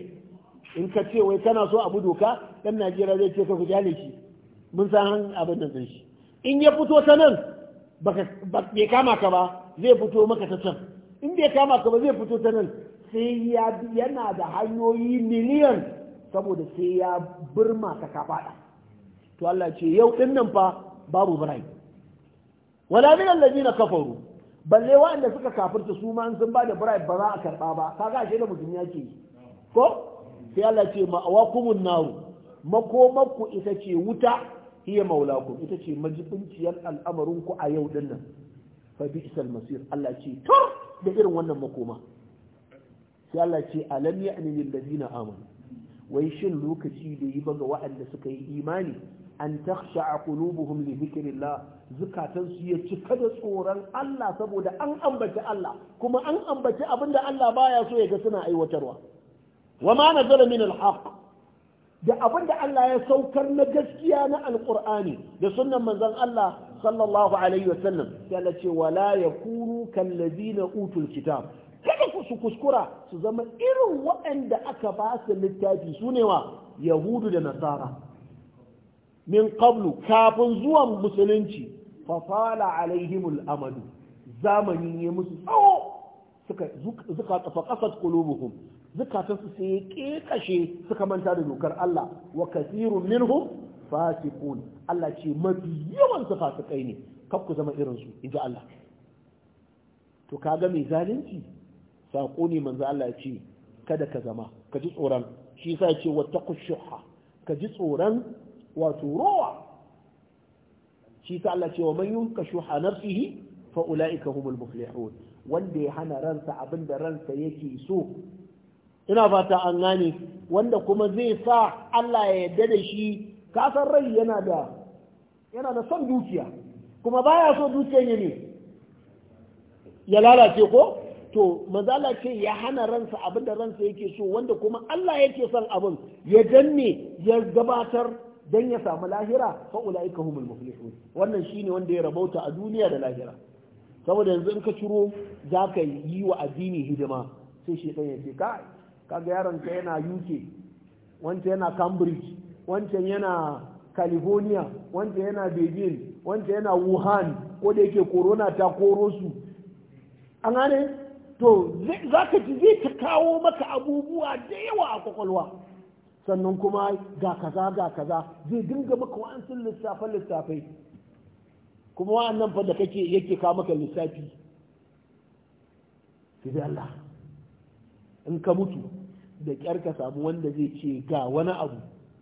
in ka ce wai kana so abu doka dan Najeriya zai ce ka ku jale shi mun san abin da zai shi in ya fito ta nan baka kama ka ba zai fito maka ta can in ya kama ka ba zai fito ta nan sai ya yana da hanyoyi miliyan saboda sai ya birma ta ka fada to Allah ce yau din nan fa babu birai wala min alladina kafaru balle waɗanda suka kafirta su ma sun ba da birai ba za a karɓa ba kaga ashe da mutum ya ke ko sai Allah ce ma kumun naru makomakku ita ce wuta hiya maulakum ita ce majibinciyar al'amarinku a yau din nan fa bi'sal masir Allah ce tur da irin wannan makoma sai Allah ce alam ya'ni lil ladina amanu wai shin lokaci da yi baga waɗanda suka yi imani an takhsha qulubuhum li dhikrillah zukatan su ya cika da tsoron Allah saboda an ambaci Allah kuma an ambaci abinda Allah baya so ya ga suna aiwatarwa wa ma nazala min al da abinda Allah ya saukar na gaskiya na alqur'ani da sunnan manzon Allah sallallahu alaihi wasallam sai Allah ce wala yakunu kallazina utul kitab kada su kuskura su zama irin waɗanda aka ba su littafi su ne wa yahudu da nasara min qablu kafin zuwan musulunci fa fala alaihimul amadu zamani ne musu tsawo suka zuka tafa qasat qulubuhum zukatan su sai kekashe suka manta da dokar Allah wa kasiru minhum Fasikun. Allah ce mafi yawan su fasikai ne kaf ku zama irin su inji Allah to kaga mai zalunci sako ne manzo Allah ce kada ka zama ka ji tsoron shi yasa ya ce wattaqu shuha. ka ji tsoron wato rowa shi ta Allah wa man yunka shuha nafsihi fa ulaika humul muflihun wanda ya hana ransa abinda ransa yake so ina fata an gane wanda kuma zai sa Allah ya yarda da shi kasar rai yana da son dukiya kuma baya so dukiya ya ne ya lalace ko to mazala ce ya hana ransa abin da ransa yake so wanda kuma Allah yake son abin ya danne ya gabatar dan ya samu lahira fa ulaika humul muflihun wannan shine wanda ya rabauta a duniya da lahira saboda yanzu in ka ciro za ka yi wa addini hidima sai shi ya ce ka ga yaron ka yana UK wanda yana Cambridge wancan yana california wancan yana beijing wancan yana wuhan ko da yake corona ta koro su an gane to za ka ci zai ta kawo maka abubuwa da yawa a kwakwalwa sannan kuma ga kaza ga kaza zai dinga maka wa'ansu lissafe lissafai kuma wa'annan fa da kake yake kawo maka lissafi sai Allah in ka mutu da kyar ka samu wanda zai ce ga wani abu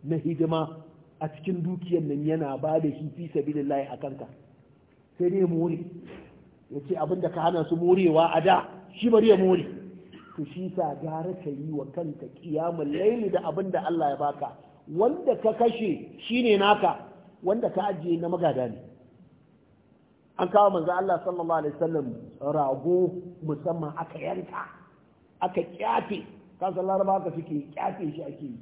na hidima a cikin dukiyar nan yana ba da shi fi sabilillahi a kanka sai dai more ya ce abinda ka hana su morewa a da shi bari ya more to shi sa gara ka yi wa kanka kiyamun laili da abinda Allah ya baka wanda ka kashe shi ne naka wanda ka ajiye na magada ne an kawo manzo Allah sallallahu alaihi wasallam rago musamman aka yanka aka kyafe kasan ba ka suke kyafe shi ake yi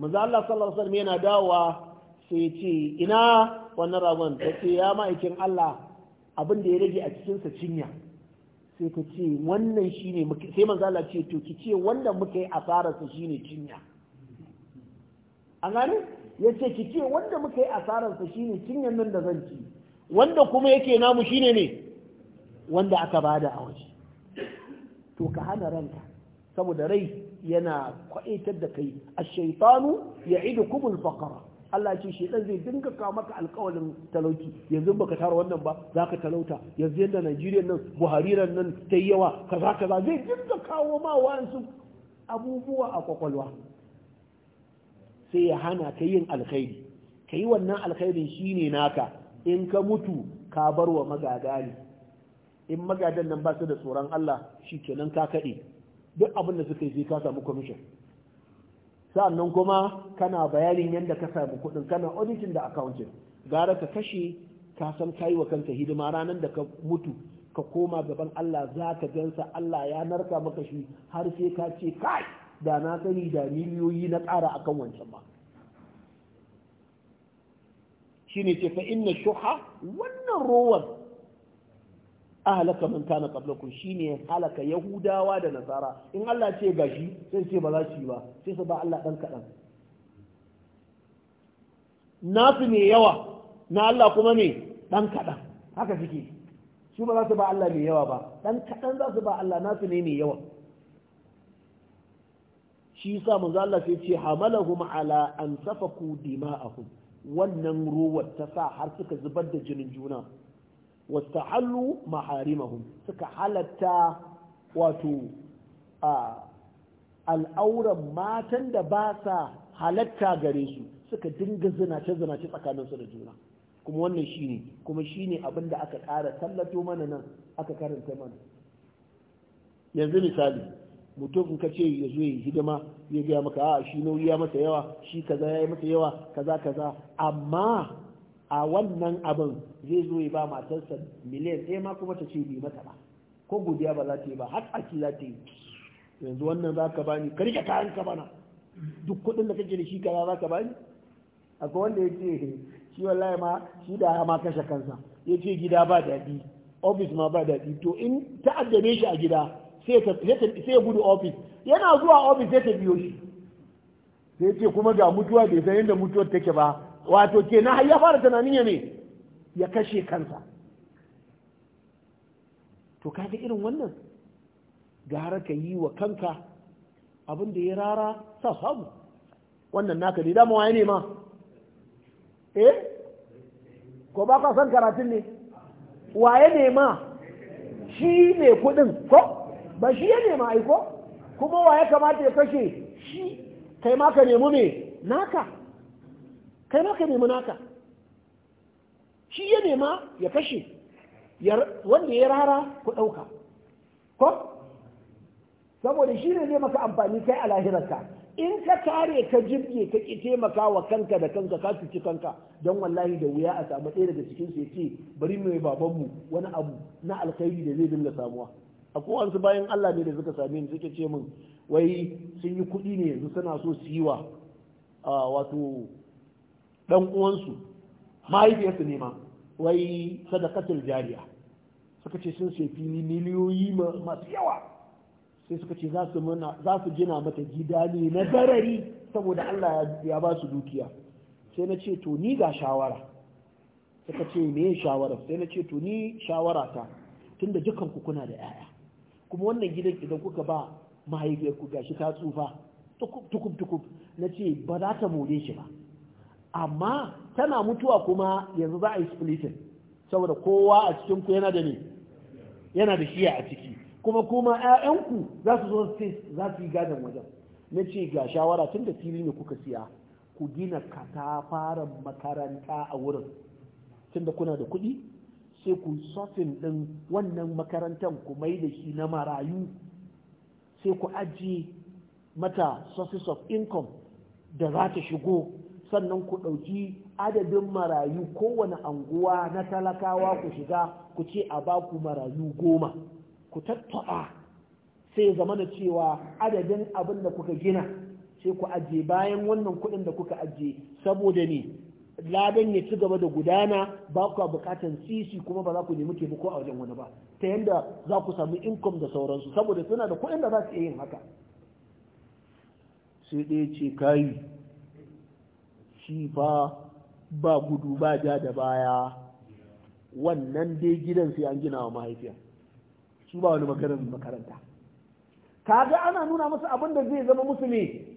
manzo Allah sallallahu alaihi wasallam yana dawowa sai ce ina wannan ragon ta ce ya ma'aikin Allah abin da ya rage a cikinsa cinya sai ka ce wannan shine sai manzo Allah ce to ki ce wanda muka yi asararsa shine cinya an gane ya ce ki ce wanda muka yi asararsa shine cinyan nan da zan ci wanda kuma yake namu shine ne wanda aka bada a waje to ka hana ranka saboda rai yana kwaitar da kai shaitanu ya idu kubul faqra Allah ce shedan zai dinga kawo maka alkawalin talauci yanzu baka tara wannan ba zaka talauta yanzu yanda Najeriya nan Buhari nan ta yawa kaza kaza zai dinga kawo ma wa'ansu abubuwa a kwakwalwa sai ya hana ka yin alkhairi ka yi wannan alkhairin shine naka in ka mutu ka bar wa magagari in magadan nan ba su da tsoron Allah shi kenan ka kaɗe duk abin da suka yi ka samu commission sa'annan kuma kana bayanin yadda ka samu kuɗin kana auditing da accounting gara ka kashe ka san kayi wa kanka hidima ranar da ka mutu ka koma gaban Allah za ka gansa Allah ya narka maka shi har sai ka ce kai da na sani da miliyoyi na ƙara akan wancan ba shine ce fa inna shuha wannan rowar ahlaka man kana qablakum shine halaka yahudawa da nasara in Allah ce gashi sai ce ba za su yi ba sai su ba Allah dan kadan nasu ne yawa na Allah kuma ne dan kadan haka suke su ba za su ba Allah mai yawa ba dan kadan za su ba Allah nasu ne mai yawa shi yasa manzo Allah sai ce hamalahum ala an safaku dima'ahum wannan ruwar ta sa har suka zubar da jinin juna hallu maharimahum suka halatta wato al'auran matan da ba sa halatta gare su suka dinga zinace zinace tsakaninsu da juna kuma wannan shine kuma shine abin da aka ƙara tallato mana nan aka karanta mana yanzu misali mutum in ka ce ya zo yi hidima ya gaya maka a shi nauyi ya masa yawa shi kaza ya yi masa yawa kaza kaza amma a wannan abin zai zo ya ba matarsa miliyan ɗaya ma kuma ta ce bai mata ba ko godiya ba za ta yi ba har aki za ta yi yanzu wannan za ka bani ka rike kayan ka bana duk kuɗin da kake da shi kaza za ka bani akwai wanda ya ce shi wallahi ma shi da ma kashe kansa ya ce gida ba daɗi ofis ma ba daɗi to in ta shi a gida sai ya gudu ofis yana zuwa ofis sai ta biyo shi sai ce kuma ga mutuwa bai san yadda mutuwar take ba wato ke na ya fara tunanin ya ne ya kashe kansa to ga irin wannan gara ka yi wa kanka abin da ya rara sa samu wannan naka ne dama waye ne ma eh ko ba ka san karatun ne waye ne ma shi ne kudin ko ba shi ya nema aiko kuma waye kamata ya kashe shi kai ma ka nemi ne naka kai ma ka nemi naka shi ya nema ya kashe wanda ya rara ku ɗauka ko saboda shi ne zai maka amfani kai a lahirarka in ka kare ka jirge ka ki taimaka wa kanka da kanka ka ci kanka don wallahi da wuya a samu ɗaya daga cikin su bari mai babanmu wani abu na alkhairi da zai dinga samuwa a kowansu bayan Allah ne da suka same ni suke ce min wai sun yi kuɗi ne yanzu suna so su yi wa ah, wato dan uwansu mahaifiyarsu ne ma wai sadakatul jariya suka ce sun sai miliyoyi masu yawa sai suka ce za su gina mata gida ne na darari saboda Allah ya ba su dukiya sai na ce to ni ga shawara suka ce me shawara sai na ce to ni shawara ta tunda dukan ku kuna da yaya kuma wannan gidan idan kuka ba mahaifiyarku ku gashi ta tsufa tukub tukub na ce ba za ta more shi ba amma tana mutuwa kuma yanzu za a yi splitting saboda kowa a cikin yana da ne yana da shiya a ciki kuma kuma ƴaƴanku za su zo space za su yi gadon wajen na ce ga shawara tun da fili ne kuka siya ku gina katafaren makaranta a wurin tun da kuna da kuɗi sai ku sofin ɗin wannan makarantar ku mai da shi na marayu sai ku ajiye mata sources of income da za ta shigo sannan ku ɗauki adadin marayu kowane anguwa na talakawa ku shiga ku ce a baku marayu goma ku tattaɓa sai zama na cewa adadin abin da kuka gina sai ku ajiye bayan wannan kuɗin da kuka ajiye saboda ne ladan ya ci gaba da gudana ba ku bukatan sisi kuma ba za ku nemi taimako a wajen wani ba ta yadda za ku samu inkom da sauransu saboda suna da kuɗin da za su iya yin haka sai ɗaya ce kayi ci fa ba gudu ba ja da baya wannan dai gidan sai an gina wa mahaifiya su ba wani makaranta kaga ana nuna musu abin da zai zama musu ne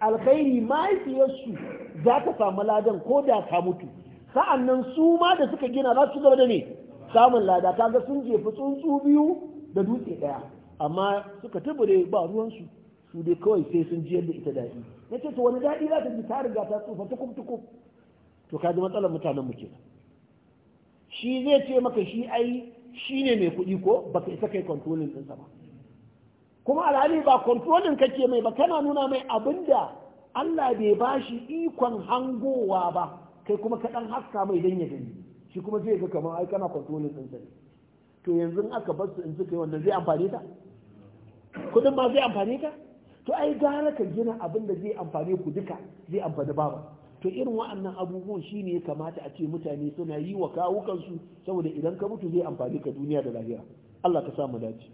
alkhairi mahaifiyarsu za ta samu ladan ko da ta mutu sa'annan su ma da suka gina za su gaba da ne samun lada kaga sun jefa tsuntsu biyu da dutse ɗaya amma suka tubure ba ruwansu su dai kawai sai sun ji yadda ita daɗi ya ce to wani daɗi za ta ji ta riga ta tsufa tukum tukum to ka ji matsalar mutanen mu kenan shi zai ce maka shi ai shi ne mai kuɗi ko ka isa kai kontrolin ɗinsa ba kuma alhali ba kontrolin kake mai ba kana nuna mai abinda Allah bai ba shi ikon hangowa ba kai kuma ka ɗan haska mai dan ya gani shi kuma zai ga kamar ai kana kontrolin ɗinsa ne to yanzu aka bar su in suka yi wannan zai amfani ta kudin ba zai amfani ta to ai gara ka gina abin da zai amfane ku duka zai amfani baba to irin wa'annan abubuwan shine ya kamata a ce mutane suna yi wa kawukansu saboda idan ka mutu zai amfani ka duniya da lahira Allah ka sa mu dace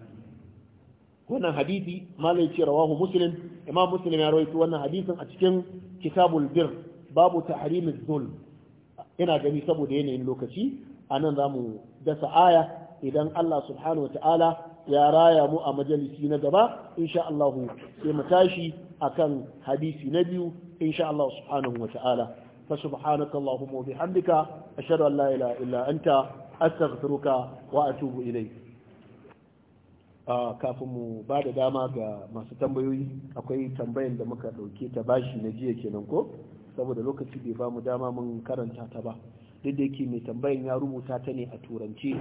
wannan hadisi malai ce rawahu muslim imam muslim ya rawaito wannan hadisin a cikin kitabul bir babu tahrimiz zulm ina gani saboda yanayin lokaci anan zamu dasa aya idan Allah subhanahu wa ta'ala. ya raya mu a majalisi na gaba insha Allah sai mu tashi akan hadisi na biyu insha Allah subhanahu wata'ala fa subhanaka allahumma wa bihamdika ashhadu an la ilaha illa anta astaghfiruka wa atubu ilayk kafin mu ba da dama ga masu tambayoyi akwai tambayan da muka ɗauke ta bashi na jiya kenan ko saboda lokaci bai ba mu dama mun karanta ta ba duk da yake mai tambayan ya rubuta ta ne a turanci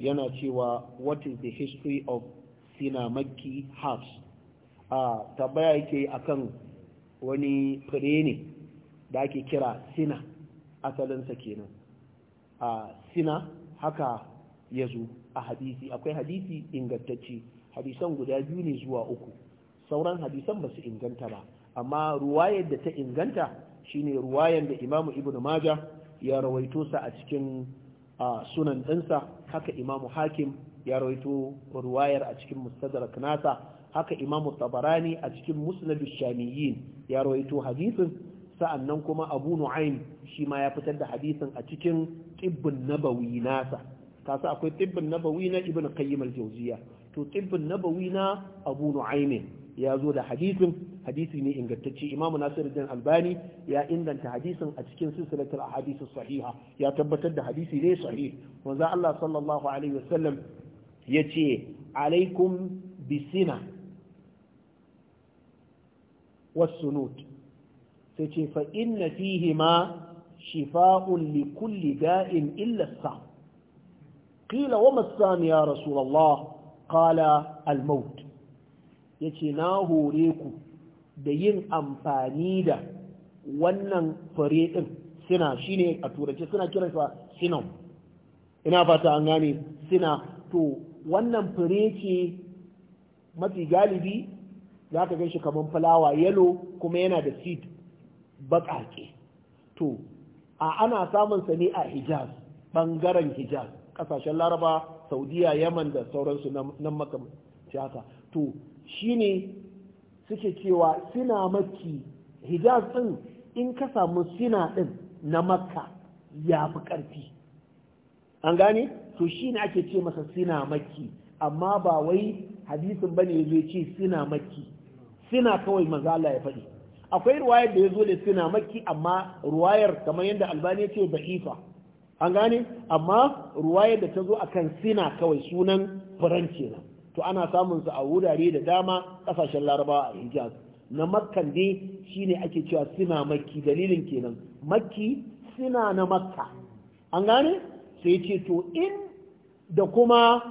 yana cewa what is the history of sinamaki herbs a tambaya yake kan wani fure ne da ake kira sina asalinsa kenan a sina haka ya zo a hadisi akwai hadisi ingantacce hadisan guda biyu ne zuwa uku sauran hadisan ba su inganta ba amma ruwayar da ta inganta shine ruwayar da imamu ibnu majah ya rawaito sa a cikin sunan ɗinsa haka imamu hakim ya rawaito ruwayar a cikin mustadrak nasa haka imamu tabarani a cikin musnadu shamiyin ya rawaito hadisin sa'annan kuma abu nu'aym shi ma ya fitar da hadisin a cikin tibbin nabawi nasa kasa akwai tibbin nabawi na ibn qayyim al-jawziya to tibbin nabawi na abu nu'aym ya zo da hadisin hadisi ne ingantacce imamu nasiruddin albani ya inganta hadisin a cikin silsilatul ahadisi sahiha ya tabbatar da hadisi ne sahih manzo Allah sallallahu alaihi wasallam yace alaikum bisina والسنود سيتي فإن فيهما شفاء لكل داء إلا السام قيل وما السام يا رسول الله قال الموت ya na hore ku da yin amfani da wannan fure ɗin sina shine a turance suna kiransa sinan ina fata an gane Suna to wannan fure ce mafi galibi za ka gan shi kamar fulawa yalo kuma yana da seed baƙaƙe to a ana samunsa ne a hijaz ɓangaren hijaz ƙasashen laraba saudiya yaman da sauransu nan makamanci haka to shine suke cewa sina makki hijaz din in ka samu sina din na makka ya fi ƙarfi an gane to shine ake ce masa sina makki amma ba wai hadisin bane ya zo ce sina makki sina kawai maza ya faɗi akwai ruwayar da ya zo da sina makki amma ruwayar kamar yadda albani ce baifa an gane amma ruwayar da ta zo akan sina kawai sunan furan kenan to ana samun su a wurare da dama kasashen larabawa a hijaz na makkan dai shine ake cewa suna makki dalilin kenan makki suna na makka an gane sai ce to in da kuma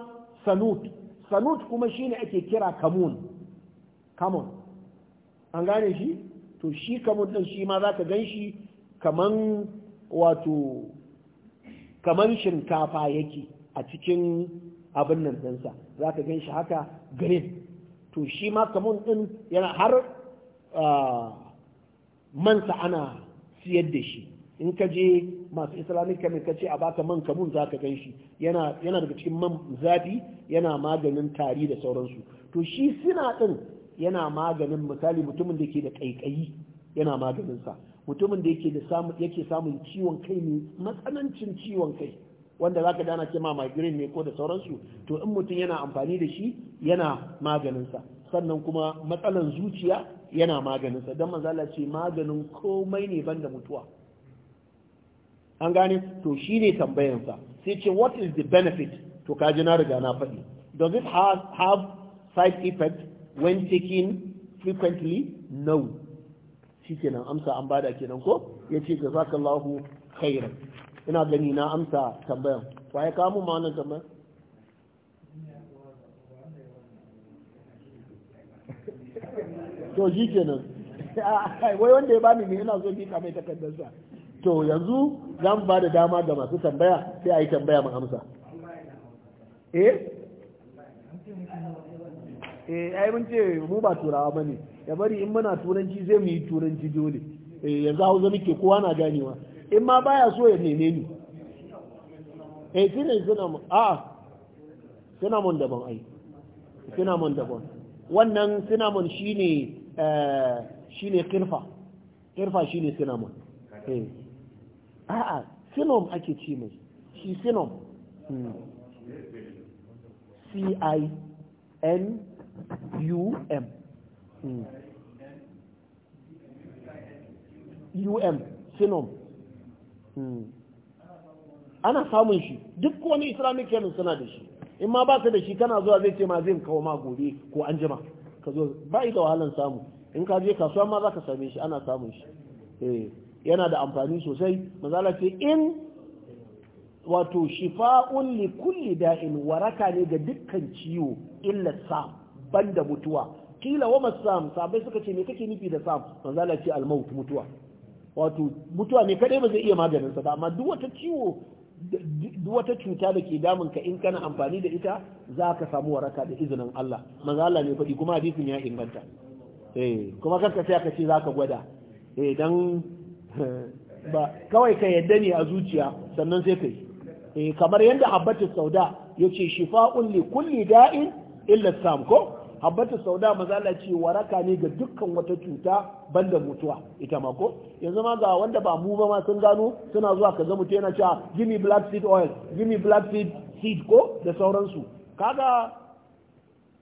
sanut sanut kuma shine ake kira kamun kamun an gane shi to shi kamun din shi ma zaka gan shi kaman wato kaman shinkafa yake a cikin abin nan ɗinsa za ka gan shi haka green to shi ma kamun ɗin yana har mansa ana siyar da shi in ka je masu islamic kamin ka ce a baka man kamun za ka gan shi yana daga cikin man zafi yana maganin tari da sauransu to shi suna ɗin yana maganin misali mutumin da ke da ƙaiƙayi yana maganinsa mutumin da yake samun ciwon kai ne matsanancin ciwon kai wanda zaka dana cema ma migraine ne ko da sauransu to in mutum yana amfani da shi yana maganinsa sannan kuma matsalan zuciya yana maganinsa don manzala ce maganin komai ne banda mutuwa an gane to shi ne tambayansa sai ce what is the benefit to kaji na riga na faɗi does it have, have side effect when taken frequently no shi kenan amsa an bada kenan ko ya ce jazakallahu khairan ina gani na amsa tambayan wa ya kawo ma wannan tambayan to shi kenan *laughs* wai wanda ya bani ne yana zo mika mai takardarsa to yanzu za mu ba da dama ga masu tambaya sai a yi tambaya mu amsa eh eh ai mun ce mu ba turawa bane ya bari in muna turanci zai mu yi turanci dole eh yanzu hausa muke kowa na ganewa in ma baya so ya neme ni eh kina suna mun a suna mun daban ai suna mun daban wannan suna mun shine eh, shine kirfa kirfa shine suna mun eh a'a mun ake ce mai shi mun hmm. c i n u m hmm. u m sinom Hmm. ana samun shi duk wani islamic kemis suna da shi in ma ba ka da shi kana zuwa zai ce ma zai kawo ma gobe ko an jima ka zo ba da wahalan samu in ka je kasuwa ma za ka same shi ana samun shi eh, yana da amfani sosai mazala ce in wato shifa'un li kulli da'in waraka ne ga dukkan ciwo illa sam banda mutuwa kila wa masam sabai suka ce me kake nufi da sam mazala ce al-maut mutuwa wato mutuwa ne kadai ba zai iya maganin sa ba amma duk wata ciwo duk wata cuta da ke damun ka in kana amfani da ita za ka samu waraka da izinin Allah manzo Allah ne faɗi kuma hadisin ya inganta eh kuma kanka sai ka ce za ka gwada eh dan *laughs* ba kawai ka yadda ne a zuciya sannan sai kai eh kamar yadda habbatu sauda yace shifa'un li kulli da'in illa sam ko habbatu sauda maza Allah ce waraka ne ga dukkan wata cuta banda mutuwa ita ma ko yanzu ma ga wanda ba mu ba ma sun gano suna zuwa ka zama mutum yana give me black seed oil me black seed seed ko da sauransu kaga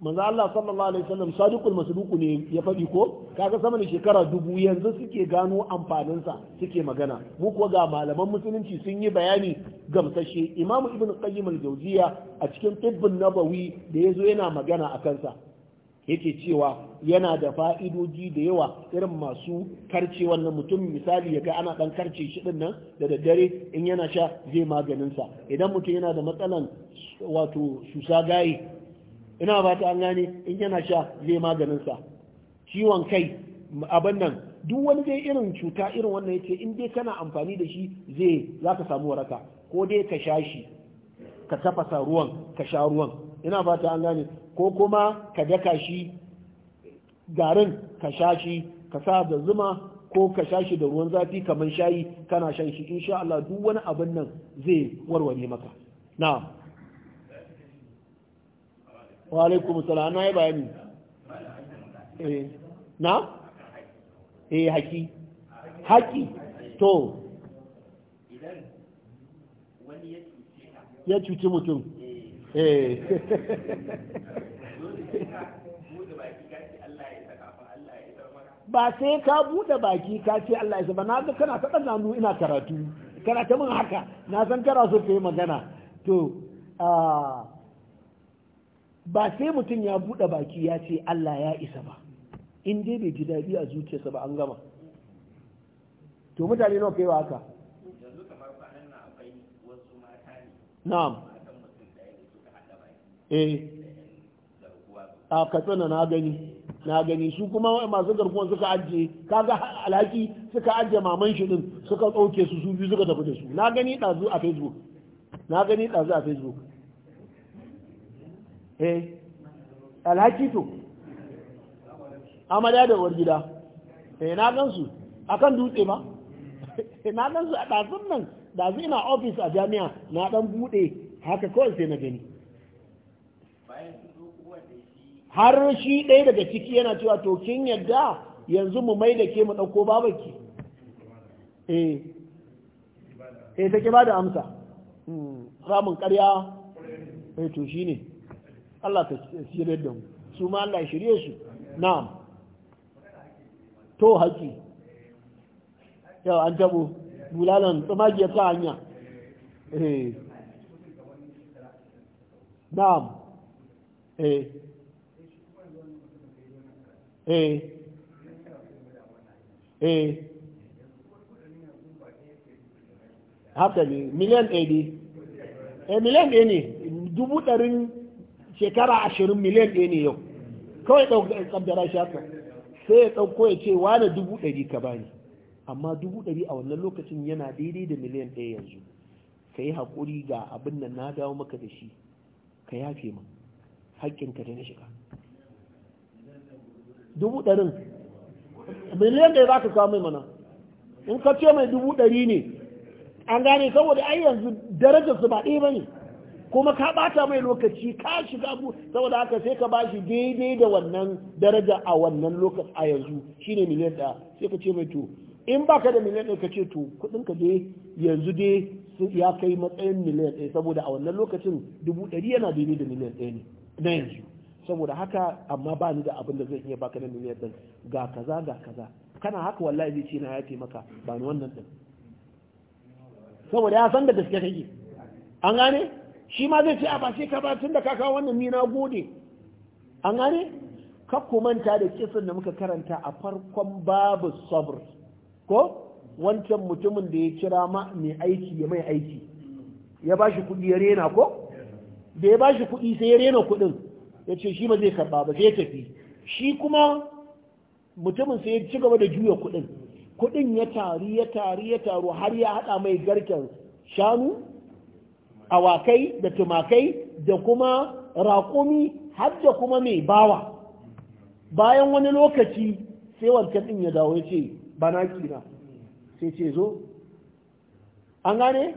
mazalla Allah sallallahu alaihi wasallam sadiqul masduq ne ya faɗi ko kaga sama da shekara dubu yanzu suke gano amfanin sa suke magana mu ko ga malaman musulunci sun yi bayani gamsashe imamu ibnu qayyim al-jawziya a cikin tibbun nabawi da yazo yana magana akan sa yake cewa yana da fa'idoji da yawa irin masu karce wannan mutum misali ya ga ana ɗan karce shi ɗin nan da daddare in yana sha zai maganinsa idan mutum yana da matsalan wato shusa gaye ina ba ta an gane in yana sha zai maganinsa ciwon kai abin nan duk wani zai irin cuta irin wannan ya ce in dai kana amfani da shi zai za ka samu waraka ko dai ka sha shi ka tafasa ruwan ka sha ruwan ina fata an gane ko kuma ka daka shi garin ka sha shi ka sa da zuma ko ka sha shi da ruwan zafi kamar shayi kana shan shi insha Allah duk wani abin nan zai warware maka na'am wa alaikum salam na yi bayani eh na eh haki haki to idan wani ya cuci mutum Eh. *laughs* ba sai ka buɗe baki ka ce Allah ya saba na ga kana ta nanu ina karatu kana ta min haka na san kana so ka yi magana to ba sai mutum ya buɗe baki ya ce Allah ya isa ba in dai bai ji daɗi a zuciyarsa ba an gama to mutane nawa kai wa haka na'am eh a katsina na gani na gani su kuma masu garkuwan suka ajiye kaga alhaki suka ajiye maman shi din suka ɗauke su su biyu suka tafi da su na gani ɗazu a facebook na gani ɗazu a facebook eh alhaki to amarya da uwar gida eh na gansu akan dutse ba *laughs* na gansu a ɗazun nan ɗazu ina office a jami'a na ɗan buɗe haka kawai sai na gani har shi ɗaya daga ciki yana cewa to kin yadda yanzu mu mai da ke mu ɗauko babaki eh. eh ta ke ba da amsa hmm. ramin ƙarya ya eh, to shi ne Allah ta shirye da mu su ma Allah shirye su na'am to haƙi yau an tabo bulalan tsamagiyar ta hanya eh na'am eh eh eh haka ne miliyan ɗaya ne eh miliyan ɗaya ne dubu ɗarin shekara ashirin miliyan ɗaya ne yau kawai ɗaukar shi haka sai ya ɗauko ya ce wane dubu ɗari ka bani amma dubu ɗari a wannan lokacin yana daidai da miliyan ɗaya yanzu ka yi haƙuri ga abin nan na dawo maka da shi ka yafe min haƙƙinka da na shiga dubu ɗarin miliyan da za ka samu mana in ka ce mai dubu ɗari ne an gane saboda ai yanzu darajar su ba ɗaya ba ne kuma ka ɓata mai lokaci ka shiga abu saboda haka sai ka ba shi daidai da wannan daraja a wannan lokaci a yanzu shine miliyan ɗaya sai ka ce mai to in ba ka da miliyan ɗaya ka ce to kuɗin ka dai yanzu dai ya kai matsayin miliyan ɗaya saboda a wannan lokacin dubu ɗari yana daidai da miliyan ɗaya ne na yanzu saboda haka amma ba ni da abin da zai iya baka nan miliyan din ga kaza ga kaza kana haka wallahi zai ce na ya maka ba ni wannan din saboda ya san da gaske kake an gane shi ma zai ce a ba sai ka ba tun da ka kawo wannan ni na gode an gane ka kumanta da kisan da muka karanta a farkon babu sabr ko wancan mutumin da ya kira ma mai aiki ya mai aiki ya ba shi ya rena ko da ya shi kuɗi sai ya rena kuɗin ya ce shi ba zai karɓa ba zai tafi shi kuma mutumin sai ya ci gaba da juya kuɗin kuɗin ya taru ya taru ya taru har ya haɗa mai garken shanu awakai da tumakai da kuma raƙumi har da kuma mai bawa bayan wani lokaci sai wancan ɗin ya dawo ya ce bana kira sai ce zo an gane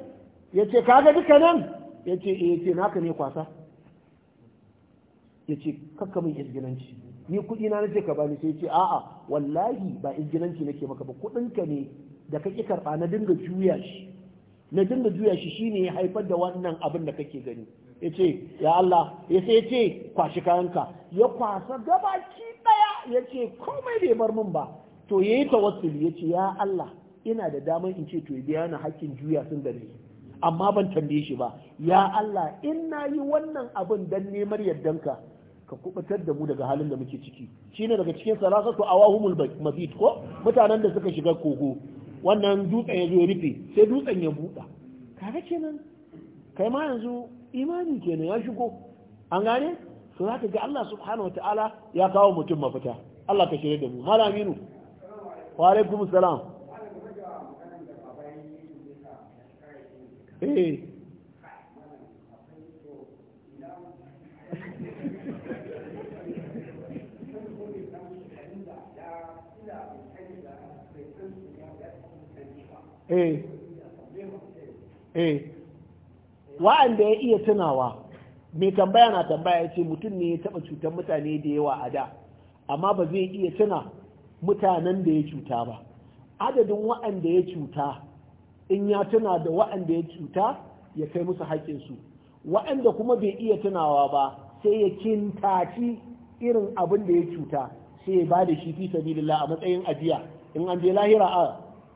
ya ce kaga duka nan ya ce eh ce naka ne kwasa ya ce kakka mai izginanci ni kuɗi na nace ka bani sai ce a'a wallahi ba izginanci nake maka ba kuɗinka ne da kake karɓa na dinga juya shi na dinga juya shi shine ya haifar da wannan abin da kake gani ya ce ya Allah ya sai ya ce kwashi kayanka ya kwasa gabaki daya ya ce komai bai bar min ba to ya yi tawassuli ya ce ya Allah ina da damar in ce to ya biya ni hakkin juya sun da ni amma ban tambaye shi ba ya Allah in na yi wannan abin dan neman yardanka ka kubutar da mu daga halin da muke ciki shi ne daga cikin salasatu awahumul mabit ko mutanen da suka shiga kogo wannan dutsen ya zo rufe sai dutsen ya buɗa kaga kenan kai ma yanzu imani kenan ya shigo an gane to zaka ga Allah subhanahu wataala ya kawo mutum mafita Allah ka shirye da mu malaminu wa alaikumus salam Ee. wa'anda ya iya tunawa mai tambaya na tambaya ya ce mutum ne ya taba cutar mutane da yawa a da amma ba zai iya tuna mutanen da ya cuta ba adadin wa'anda ya cuta in ya tuna da wa'anda ya cuta ya kai musu su wa'anda kuma bai iya tunawa ba sai ya kintaci irin abin da ya cuta sai ya bada shi fi sabilillah a matsayin ajiya in an je lahira a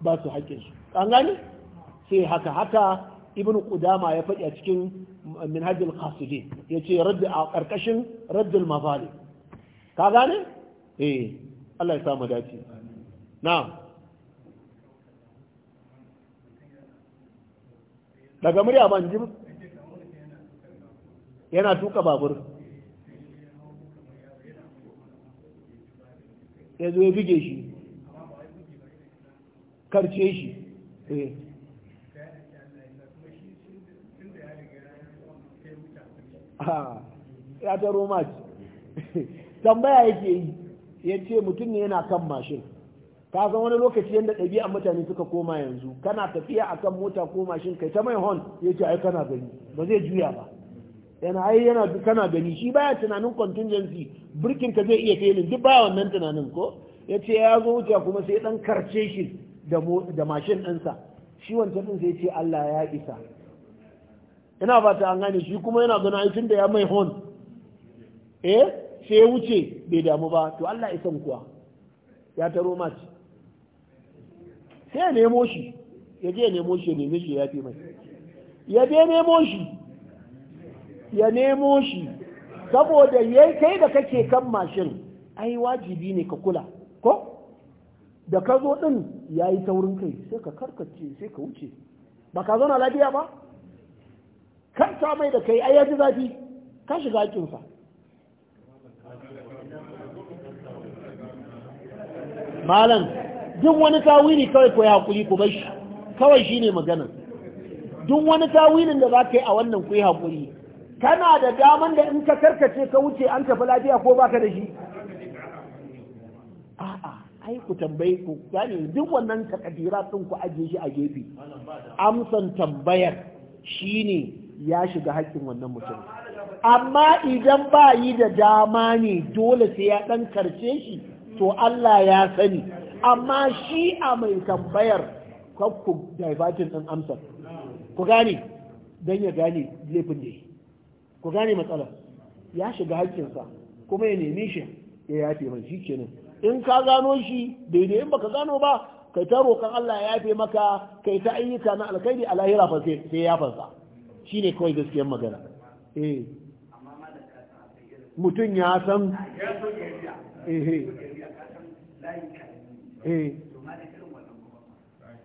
ba su haƙinsu an gane sai haka haka ibn qudama ya faɗi a cikin minhajul qasidin yace radd a ƙarƙashin raddul mazali ka gane eh Allah ya samu dace na'am daga murya ban ji yana tuka babur ya zo ya buge shi karce shi eh. ah, ya taro Roma *laughs* tambaya yake yi ya ce mutum ne yana kan mashin ka san wani lokaci yadda ɗabi'a mutane suka koma yanzu kana tafiya akan mota ko mashin kai ta mai hon ya ce ai kana gani ba zai juya ba yana ai yana kana gani shi baya tunanin contingency birkin ka zai iya failin duk baya wannan tunanin ko ya ce ya zo wuce kuma sai dan karce shi da mashin ɗinsa shi wancan ɗin sai ce Allah ya isa ina ba ta an gane shi kuma yana gana tun da ya mai hon eh sai ya wuce bai damu ba to Allah isan kuwa ya taro mace ya nemo shi ya nemo shi ya neme shi ya nemo shi saboda kai da kake kan mashin ai wajibi ne ka kula ko da ka zo din yayi taurin kai sai ka karkace sai ka wuce ba ka zauna lafiya ba karta mai da kai ai zafi ka shiga hakinsa malam duk wani tawili kawai ko ya hakuri ko bai shi kawai ne magana duk wani tawilin da za ka yi a wannan ku yi hakuri kana da daman da in ka karkace ka wuce an tafi lafiya ko baka da shi a'a ai ku tambaye ku gane duk wannan takadira sun ku ajiye shi a gefe amsan tambayar shine ya shiga haƙƙin wannan mutum amma idan ba yi da dama ne dole sai ya ɗan karce shi to Allah ya sani amma shi a mai tambayar da divertin ɗin amsa ku gane don ya gane laifin da ku gane matsalar ya shiga haƙƙinsa kuma ya nemi shi ya yafe mai shi kenan in ka gano shi daidai in baka gano ba ka ta roƙon Allah ya yafe maka kai ta ayyuka na alkhairi a lahira fa sai ya fansa ne kawai gaskiyar magana eh mutum ya san eh, eh. eh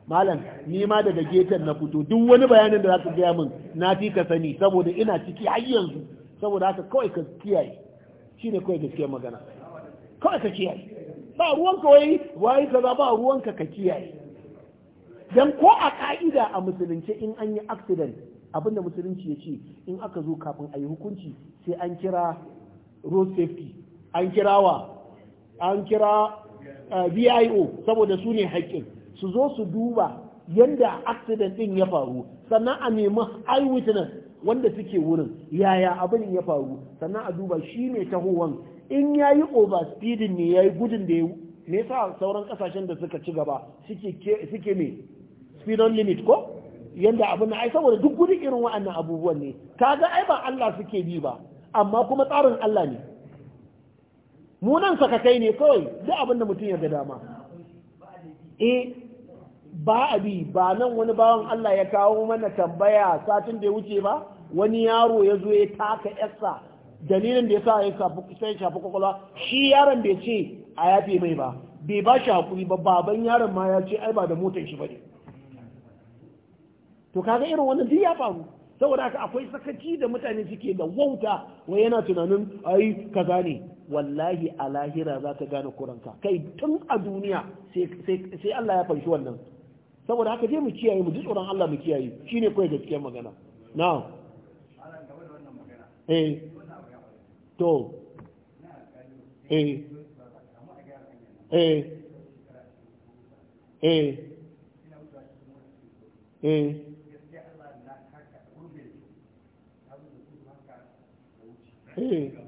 malam ni ma daga getan na fito duk wani bayanin da za ka gaya min na fi ka sani saboda ina ciki har yanzu saboda haka kawai ka kiyaye shine kawai gaskiyar magana kawai ka kiyaye ba ruwanka wai wai kaza ba ruwanka ka kiyaye dan ko a ka'ida a musulunce in an yi accident abinda musulunci ya ce in aka zo kafin a yi hukunci sai an kira road safety an kira wa an kira bio uh, saboda su ne haƙƙin su zo su duba yadda accident ɗin ya faru sannan a nemi eyewitness wanda suke wurin yaya abin ya faru sannan a duba shi mai tahowan in ya yi overspeeding ne ya yi gudun da ya ne sa sauran kasashen da suka ci gaba suke mai speed on limit ko yadda abin aisa saboda duk gudun irin wa'annan abubuwan ne kaga ai ba Allah suke bi ba amma kuma tsarin Allah ne mu nan kai ne kawai duk abin da mutum ya ga dama eh ba abi ba nan wani bawan Allah ya kawo mana tambaya satin da ya wuce ba wani yaro ya zo ya taka yarsa dalilin da ya sa ya sai shafi kwakwalwa shi yaron bai ce a yafe mai ba bai ba shi hakuri ba baban yaron ma ya ce ai ba da motar shi bane to kaga irin wannan duk ya faru saboda haka akwai sakaci da mutane suke da wauta wai yana tunanin ai kaza ne wallahi a lahira za ka gane kuranka kai tun a duniya sai Allah ya fanshi wannan saboda haka je mu kiyaye mu ji tsoron Allah mu kiyaye shine kawai gaskiyar magana na'am eh to eh eh eh eh eh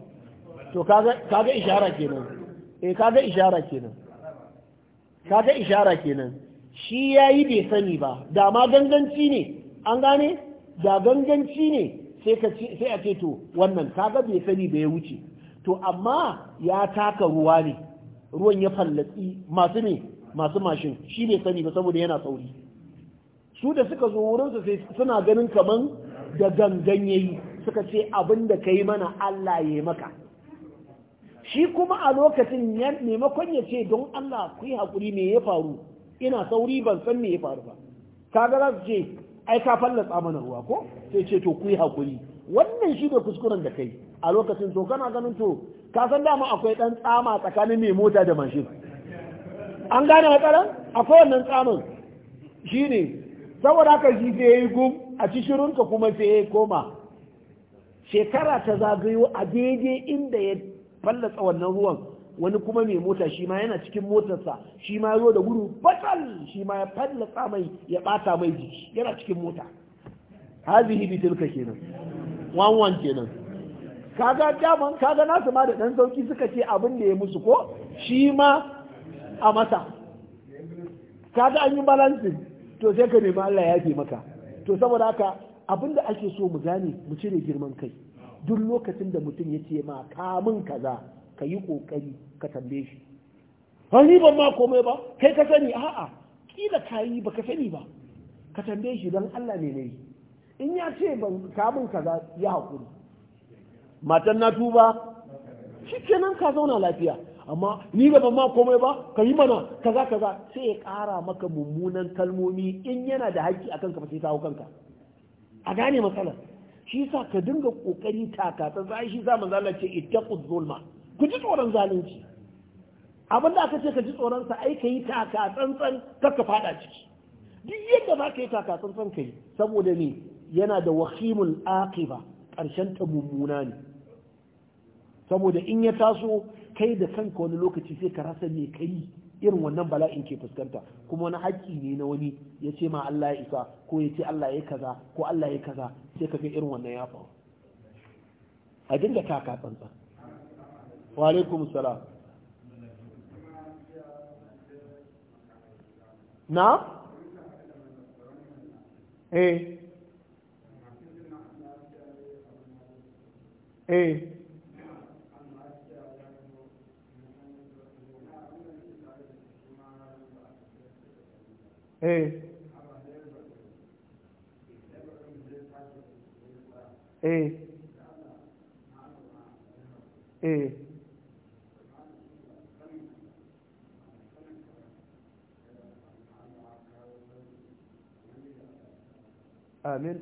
to kaga ishara kenan eh kaga ishara kenan kaga ishara kenan shi yayi bai sani ba da ma ganganci ne an gane da ganganci ne sai ka sai a ce to wannan kaga bai sani ba ya wuce to amma ya taka ruwa ne ruwan ya fallatsi masu ne masu mashin shi bai sani ba saboda yana sauri su da suka zo wurinsa sai suna ganin kaman da gangan yayi suka ce abin da ka mana Allah ya yi maka shi kuma a lokacin maimakon ya ce don Allah ku yi haƙuri me ya faru ina sauri ban san me ya faru ba kaga za su ce ai ka falla tsamana ruwa ko sai ce to ku yi haƙuri wannan shi ne kuskuren da kai a lokacin to kana ganin to ka san dama akwai ɗan tsama tsakanin mai mota da mashin an gane matsalan akwai wannan tsamin shi ne saboda haka shi sai ya yi gum a cishirinka kuma sai ya koma shekara ta zagayo a daidai inda ya fallasa wannan ruwan wani kuma mai mota shi ma yana cikin motarsa shi ma yau da gudu batal shi ma ya fallasa mai ya bata mai jiki yana cikin mota hazi hibi tilka kenan wan kenan kaga daman kaga nasu ma da dan sauki suka ce abin da ya musu ko shi ma a masa kaga an yi balancing to sai ka nemi Allah ya ke maka to saboda haka abin da ake so mu gane mu cire girman kai duk lokacin da mutum ya ce ma kamun kaza ka yi kokari ka tambaye shi ni ban ma komai ba kai ka sani a'a kila ka yi ba ka sani ba ka tambaye shi don Allah ne ne in ya ce ban kamun kaza ya hakuri matan na tuba shi kenan ka zauna lafiya amma ni ba ban ma komai ba ka yi mana kaza kaza sai ya ƙara maka mummunan kalmomi in yana da haƙƙi akan ka ba sai ta kanka a gane matsalar shi sa ka dinga kokari taka ta zai shi sa manzo Allah ce ittaqu zulma ku ji tsoron zalunci abin da aka ce ka ji tsoron sa ai kai taka tsantsan kar ka fada ciki duk yadda za ka yi taka tsantsan kai saboda me yana da wahimul aqiba karshen ta mummuna ne saboda in ya taso kai da kanka wani lokaci sai ka rasa me kai irin wannan bala'in ke fuskanta kuma wani haƙƙi ne na wani ya ce ma Allah ya isa ko ya ce Allah ya kaza ko Allah ya kaza sai ka ga irin wannan ya faru a dinga ka tsantsa wa alaikum salam na eh eh Eh. eh eh amin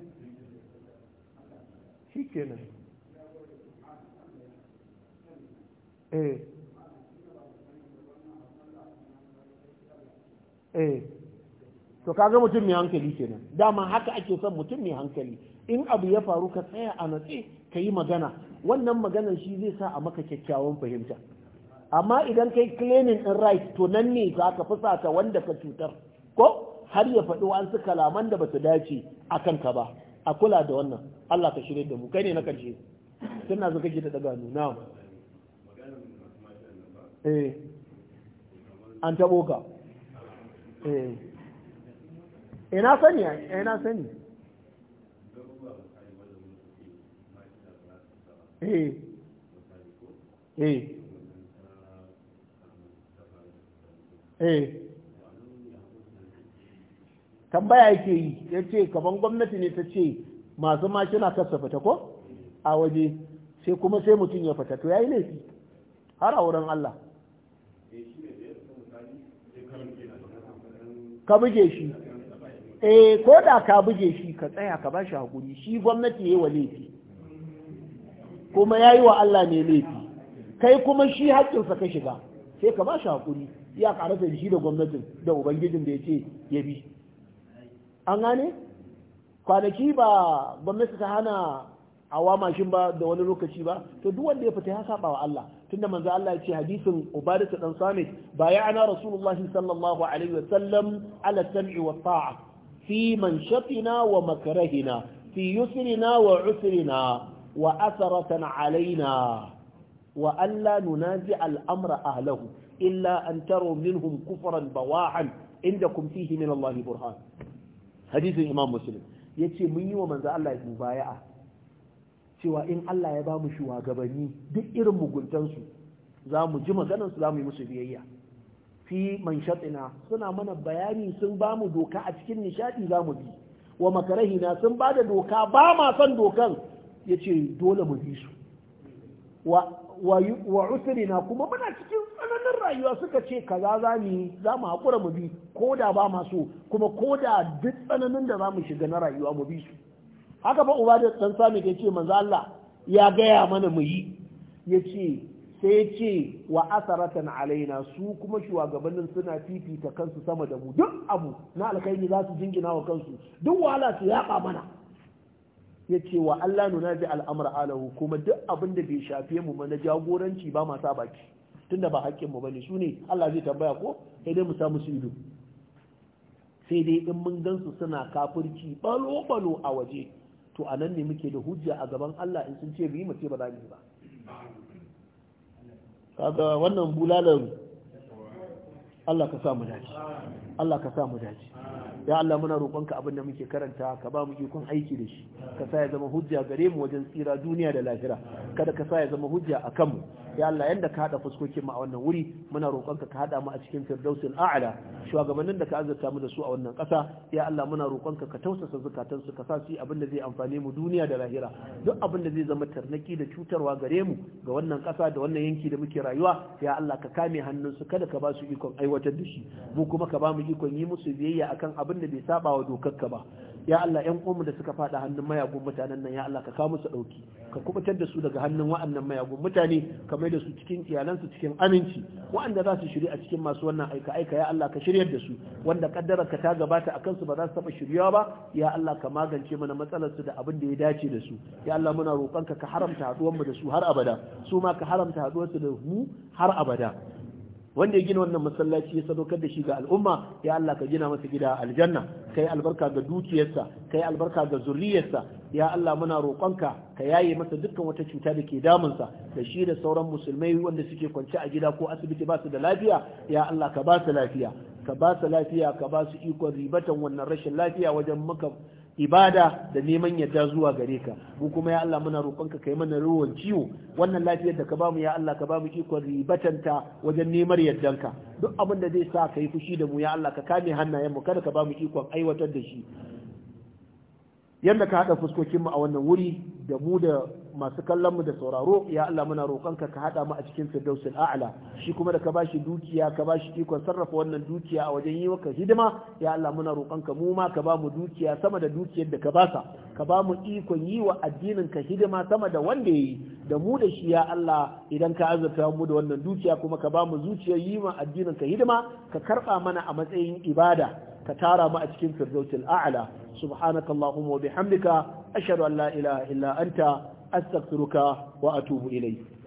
shi eh eh to kaga mutum mai hankali kenan dama haka ake son mutum mai hankali in abu ya faru ka tsaya a natse ka yi magana wannan maganar shi zai sa a maka kyakkyawan fahimta amma idan kai claiming in right to nan ne za ka ta wanda ka cutar ko har ya faɗi an su kalaman da ba su dace a kanka ba a kula da wannan Allah ka shirye da mu kai ne na karshe tun zo kake da daga nuna eh an taɓo ka eh ina eh, sani ya ina eh, sani eh eh eh tambaya yake yi ya ce kaman gwamnati ne ta ce masu makina kasa fata ko a waje sai kuma sai mutum ya fata to ya yi laifi har a wurin Allah ka buge shi eh ko da ka buge shi ka tsaya ka ba shi hakuri shi gwamnati yayi wa laifi kuma yayi wa Allah ne laifi kai kuma shi haƙƙinsa ka shiga sai ka bashi hakuri ya ƙara da shi da gwamnatin da ubangijin da ya ya bi an gane kwanaki ba gwamnati ta hana awa mashin ba da wani lokaci ba to duk wanda ya fita ya saba wa Allah tunda manzo Allah ya ce hadisin ubadatu dan samit baya ana rasulullahi sallallahu alaihi wasallam ala sam'i wa ta'ah fi manshatina wa makarahina fi yusrina wa usrina wa asaratan alaina wa alla nunazi al'amra ahlahu illa an taro minhum kufran bawahan inda fihi min Allah burhan hadisin imam muslim yace mun yi wa manzo Allah mubaya'a cewa in Allah ya ba mu shugabanni duk irin muguntansu za mu ji maganarsu za mu yi musu biyayya fi manshatina suna mana bayani sun ba mu doka a cikin nishadi za mu bi wa makarahina sun ba da doka ba ma son dokan ya ce dole mu bi su wa usrina kuma muna cikin tsananin rayuwa suka ce kaza za mu za mu hakura mu bi ko da ba ma so kuma ko da duk tsananin da za mu shiga na rayuwa mu bi su haka ba uba da ɗan sami ke ce manzo Allah ya gaya mana mu yi ya ce sai ce wa asaratan alaina su kuma shugabannin suna fifita kansu sama da mu duk abu na alkhairi za su jingina wa kansu duk wahala su yaba mana ya ce wa Allah nuna bi al'amura alahu kuma duk abin da bai shafe mu mana jagoranci ba ma sa baki tunda ba haƙƙin mu bane su ne Allah zai tambaya ko sai dai mu samu su ido sai dai in mun gansu suna kafirci balo balo a waje to a nan ne muke da hujja a gaban Allah in sun ce bi mu ce ba za mu yi ba kaga wannan bulalan Allah ka samu daji, Allah ka samu daji. dace ya Allah muna roƙonka abin da muke karanta ka ba mu ikon aiki da shi ka sa ya zama hujja gare mu wajen tsira duniya da lahira kada ka sa ya zama hujja a kanmu ya Allah yanda ka hada fuskokin mu a wannan wuri muna roƙonka ka hada mu a cikin firdausul a'la shugabannin da ka azurta mu da su a wannan ƙasa ya Allah muna roƙonka ka tausasa zakatun su ka sa su abin da zai amfane mu duniya da lahira duk abin da zai zama tarnaki da cutarwa gare mu ga wannan ƙasa da wannan yanki da muke rayuwa ya Allah ka kame hannun su kada ka ba su ikon aiwatar da shi mu kuma ka ba mu ikon yi musu biyayya akan abin da bai saba wa dokar ka ba ya Allah ƴan uwanmu da suka faɗa hannun mayagun mutanen nan ya Allah ka kawo musu ɗauki ka kubutar da su daga hannun wa'annan mayagun mutane ka mai da su cikin iyalansu cikin aminci waɗanda za su shirya a cikin masu wannan aika aika ya Allah ka shiryar da su wanda kaddarar ka ta gabata akan su ba za su taɓa shiryawa ba ya Allah ka magance mana matsalar su da abin da ya dace da su ya Allah muna roƙonka ka haramta haɗuwar mu da su har abada su ma ka haramta haɗuwar su da mu har abada wanda ya gina wannan masallaci ya sadaukar da shi ga al'umma ya Allah ka gina masa gida aljanna kai albarka ga dukiyarsa kai albarka ga zurriyarsa ya Allah muna roƙonka ka yaye masa dukkan wata cuta da ke damunsa da shi da sauran musulmai wanda suke kwance a gida ko asibiti ba su da lafiya ya Allah ka ba su lafiya ka ba su lafiya ka ba su ikon ribatan wannan rashin lafiya wajen maka ibada da neman yadda zuwa gare ka mu kuma ya Allah muna roƙonka kai mana ruwan ciwo wannan lafiyar da ka ba mu ya Allah ka ba mu ikon ribatanta wajen neman ka duk abin da zai sa kai fushi da mu ya Allah ka kame hannayen mu kada ka ba mu ikon aiwatar da shi yadda ka haɗa fuskokin mu a wannan wuri da mu da masu kallon mu da sauraro ya Allah muna roƙonka ka haɗa mu a cikin firdausul a'la shi kuma da ka bashi dukiya ka bashi ikon sarrafa wannan dukiya a wajen yi maka hidima ya Allah muna roƙonka mu ma ka ba mu dukiya sama da dukiyar da ka basa ka ba mu ikon yi wa addinin ka hidima sama da wanda yayi da mu da shi ya Allah idan ka azurta mu da wannan dukiya kuma ka ba mu zuciyar yi wa addinin ka hidima ka karɓa mana a matsayin ibada ka tara mu a cikin firdausul a'la subhanakallahumma wa bihamdika ashhadu an la ilaha illa anta أستغفرك وأتوب إليك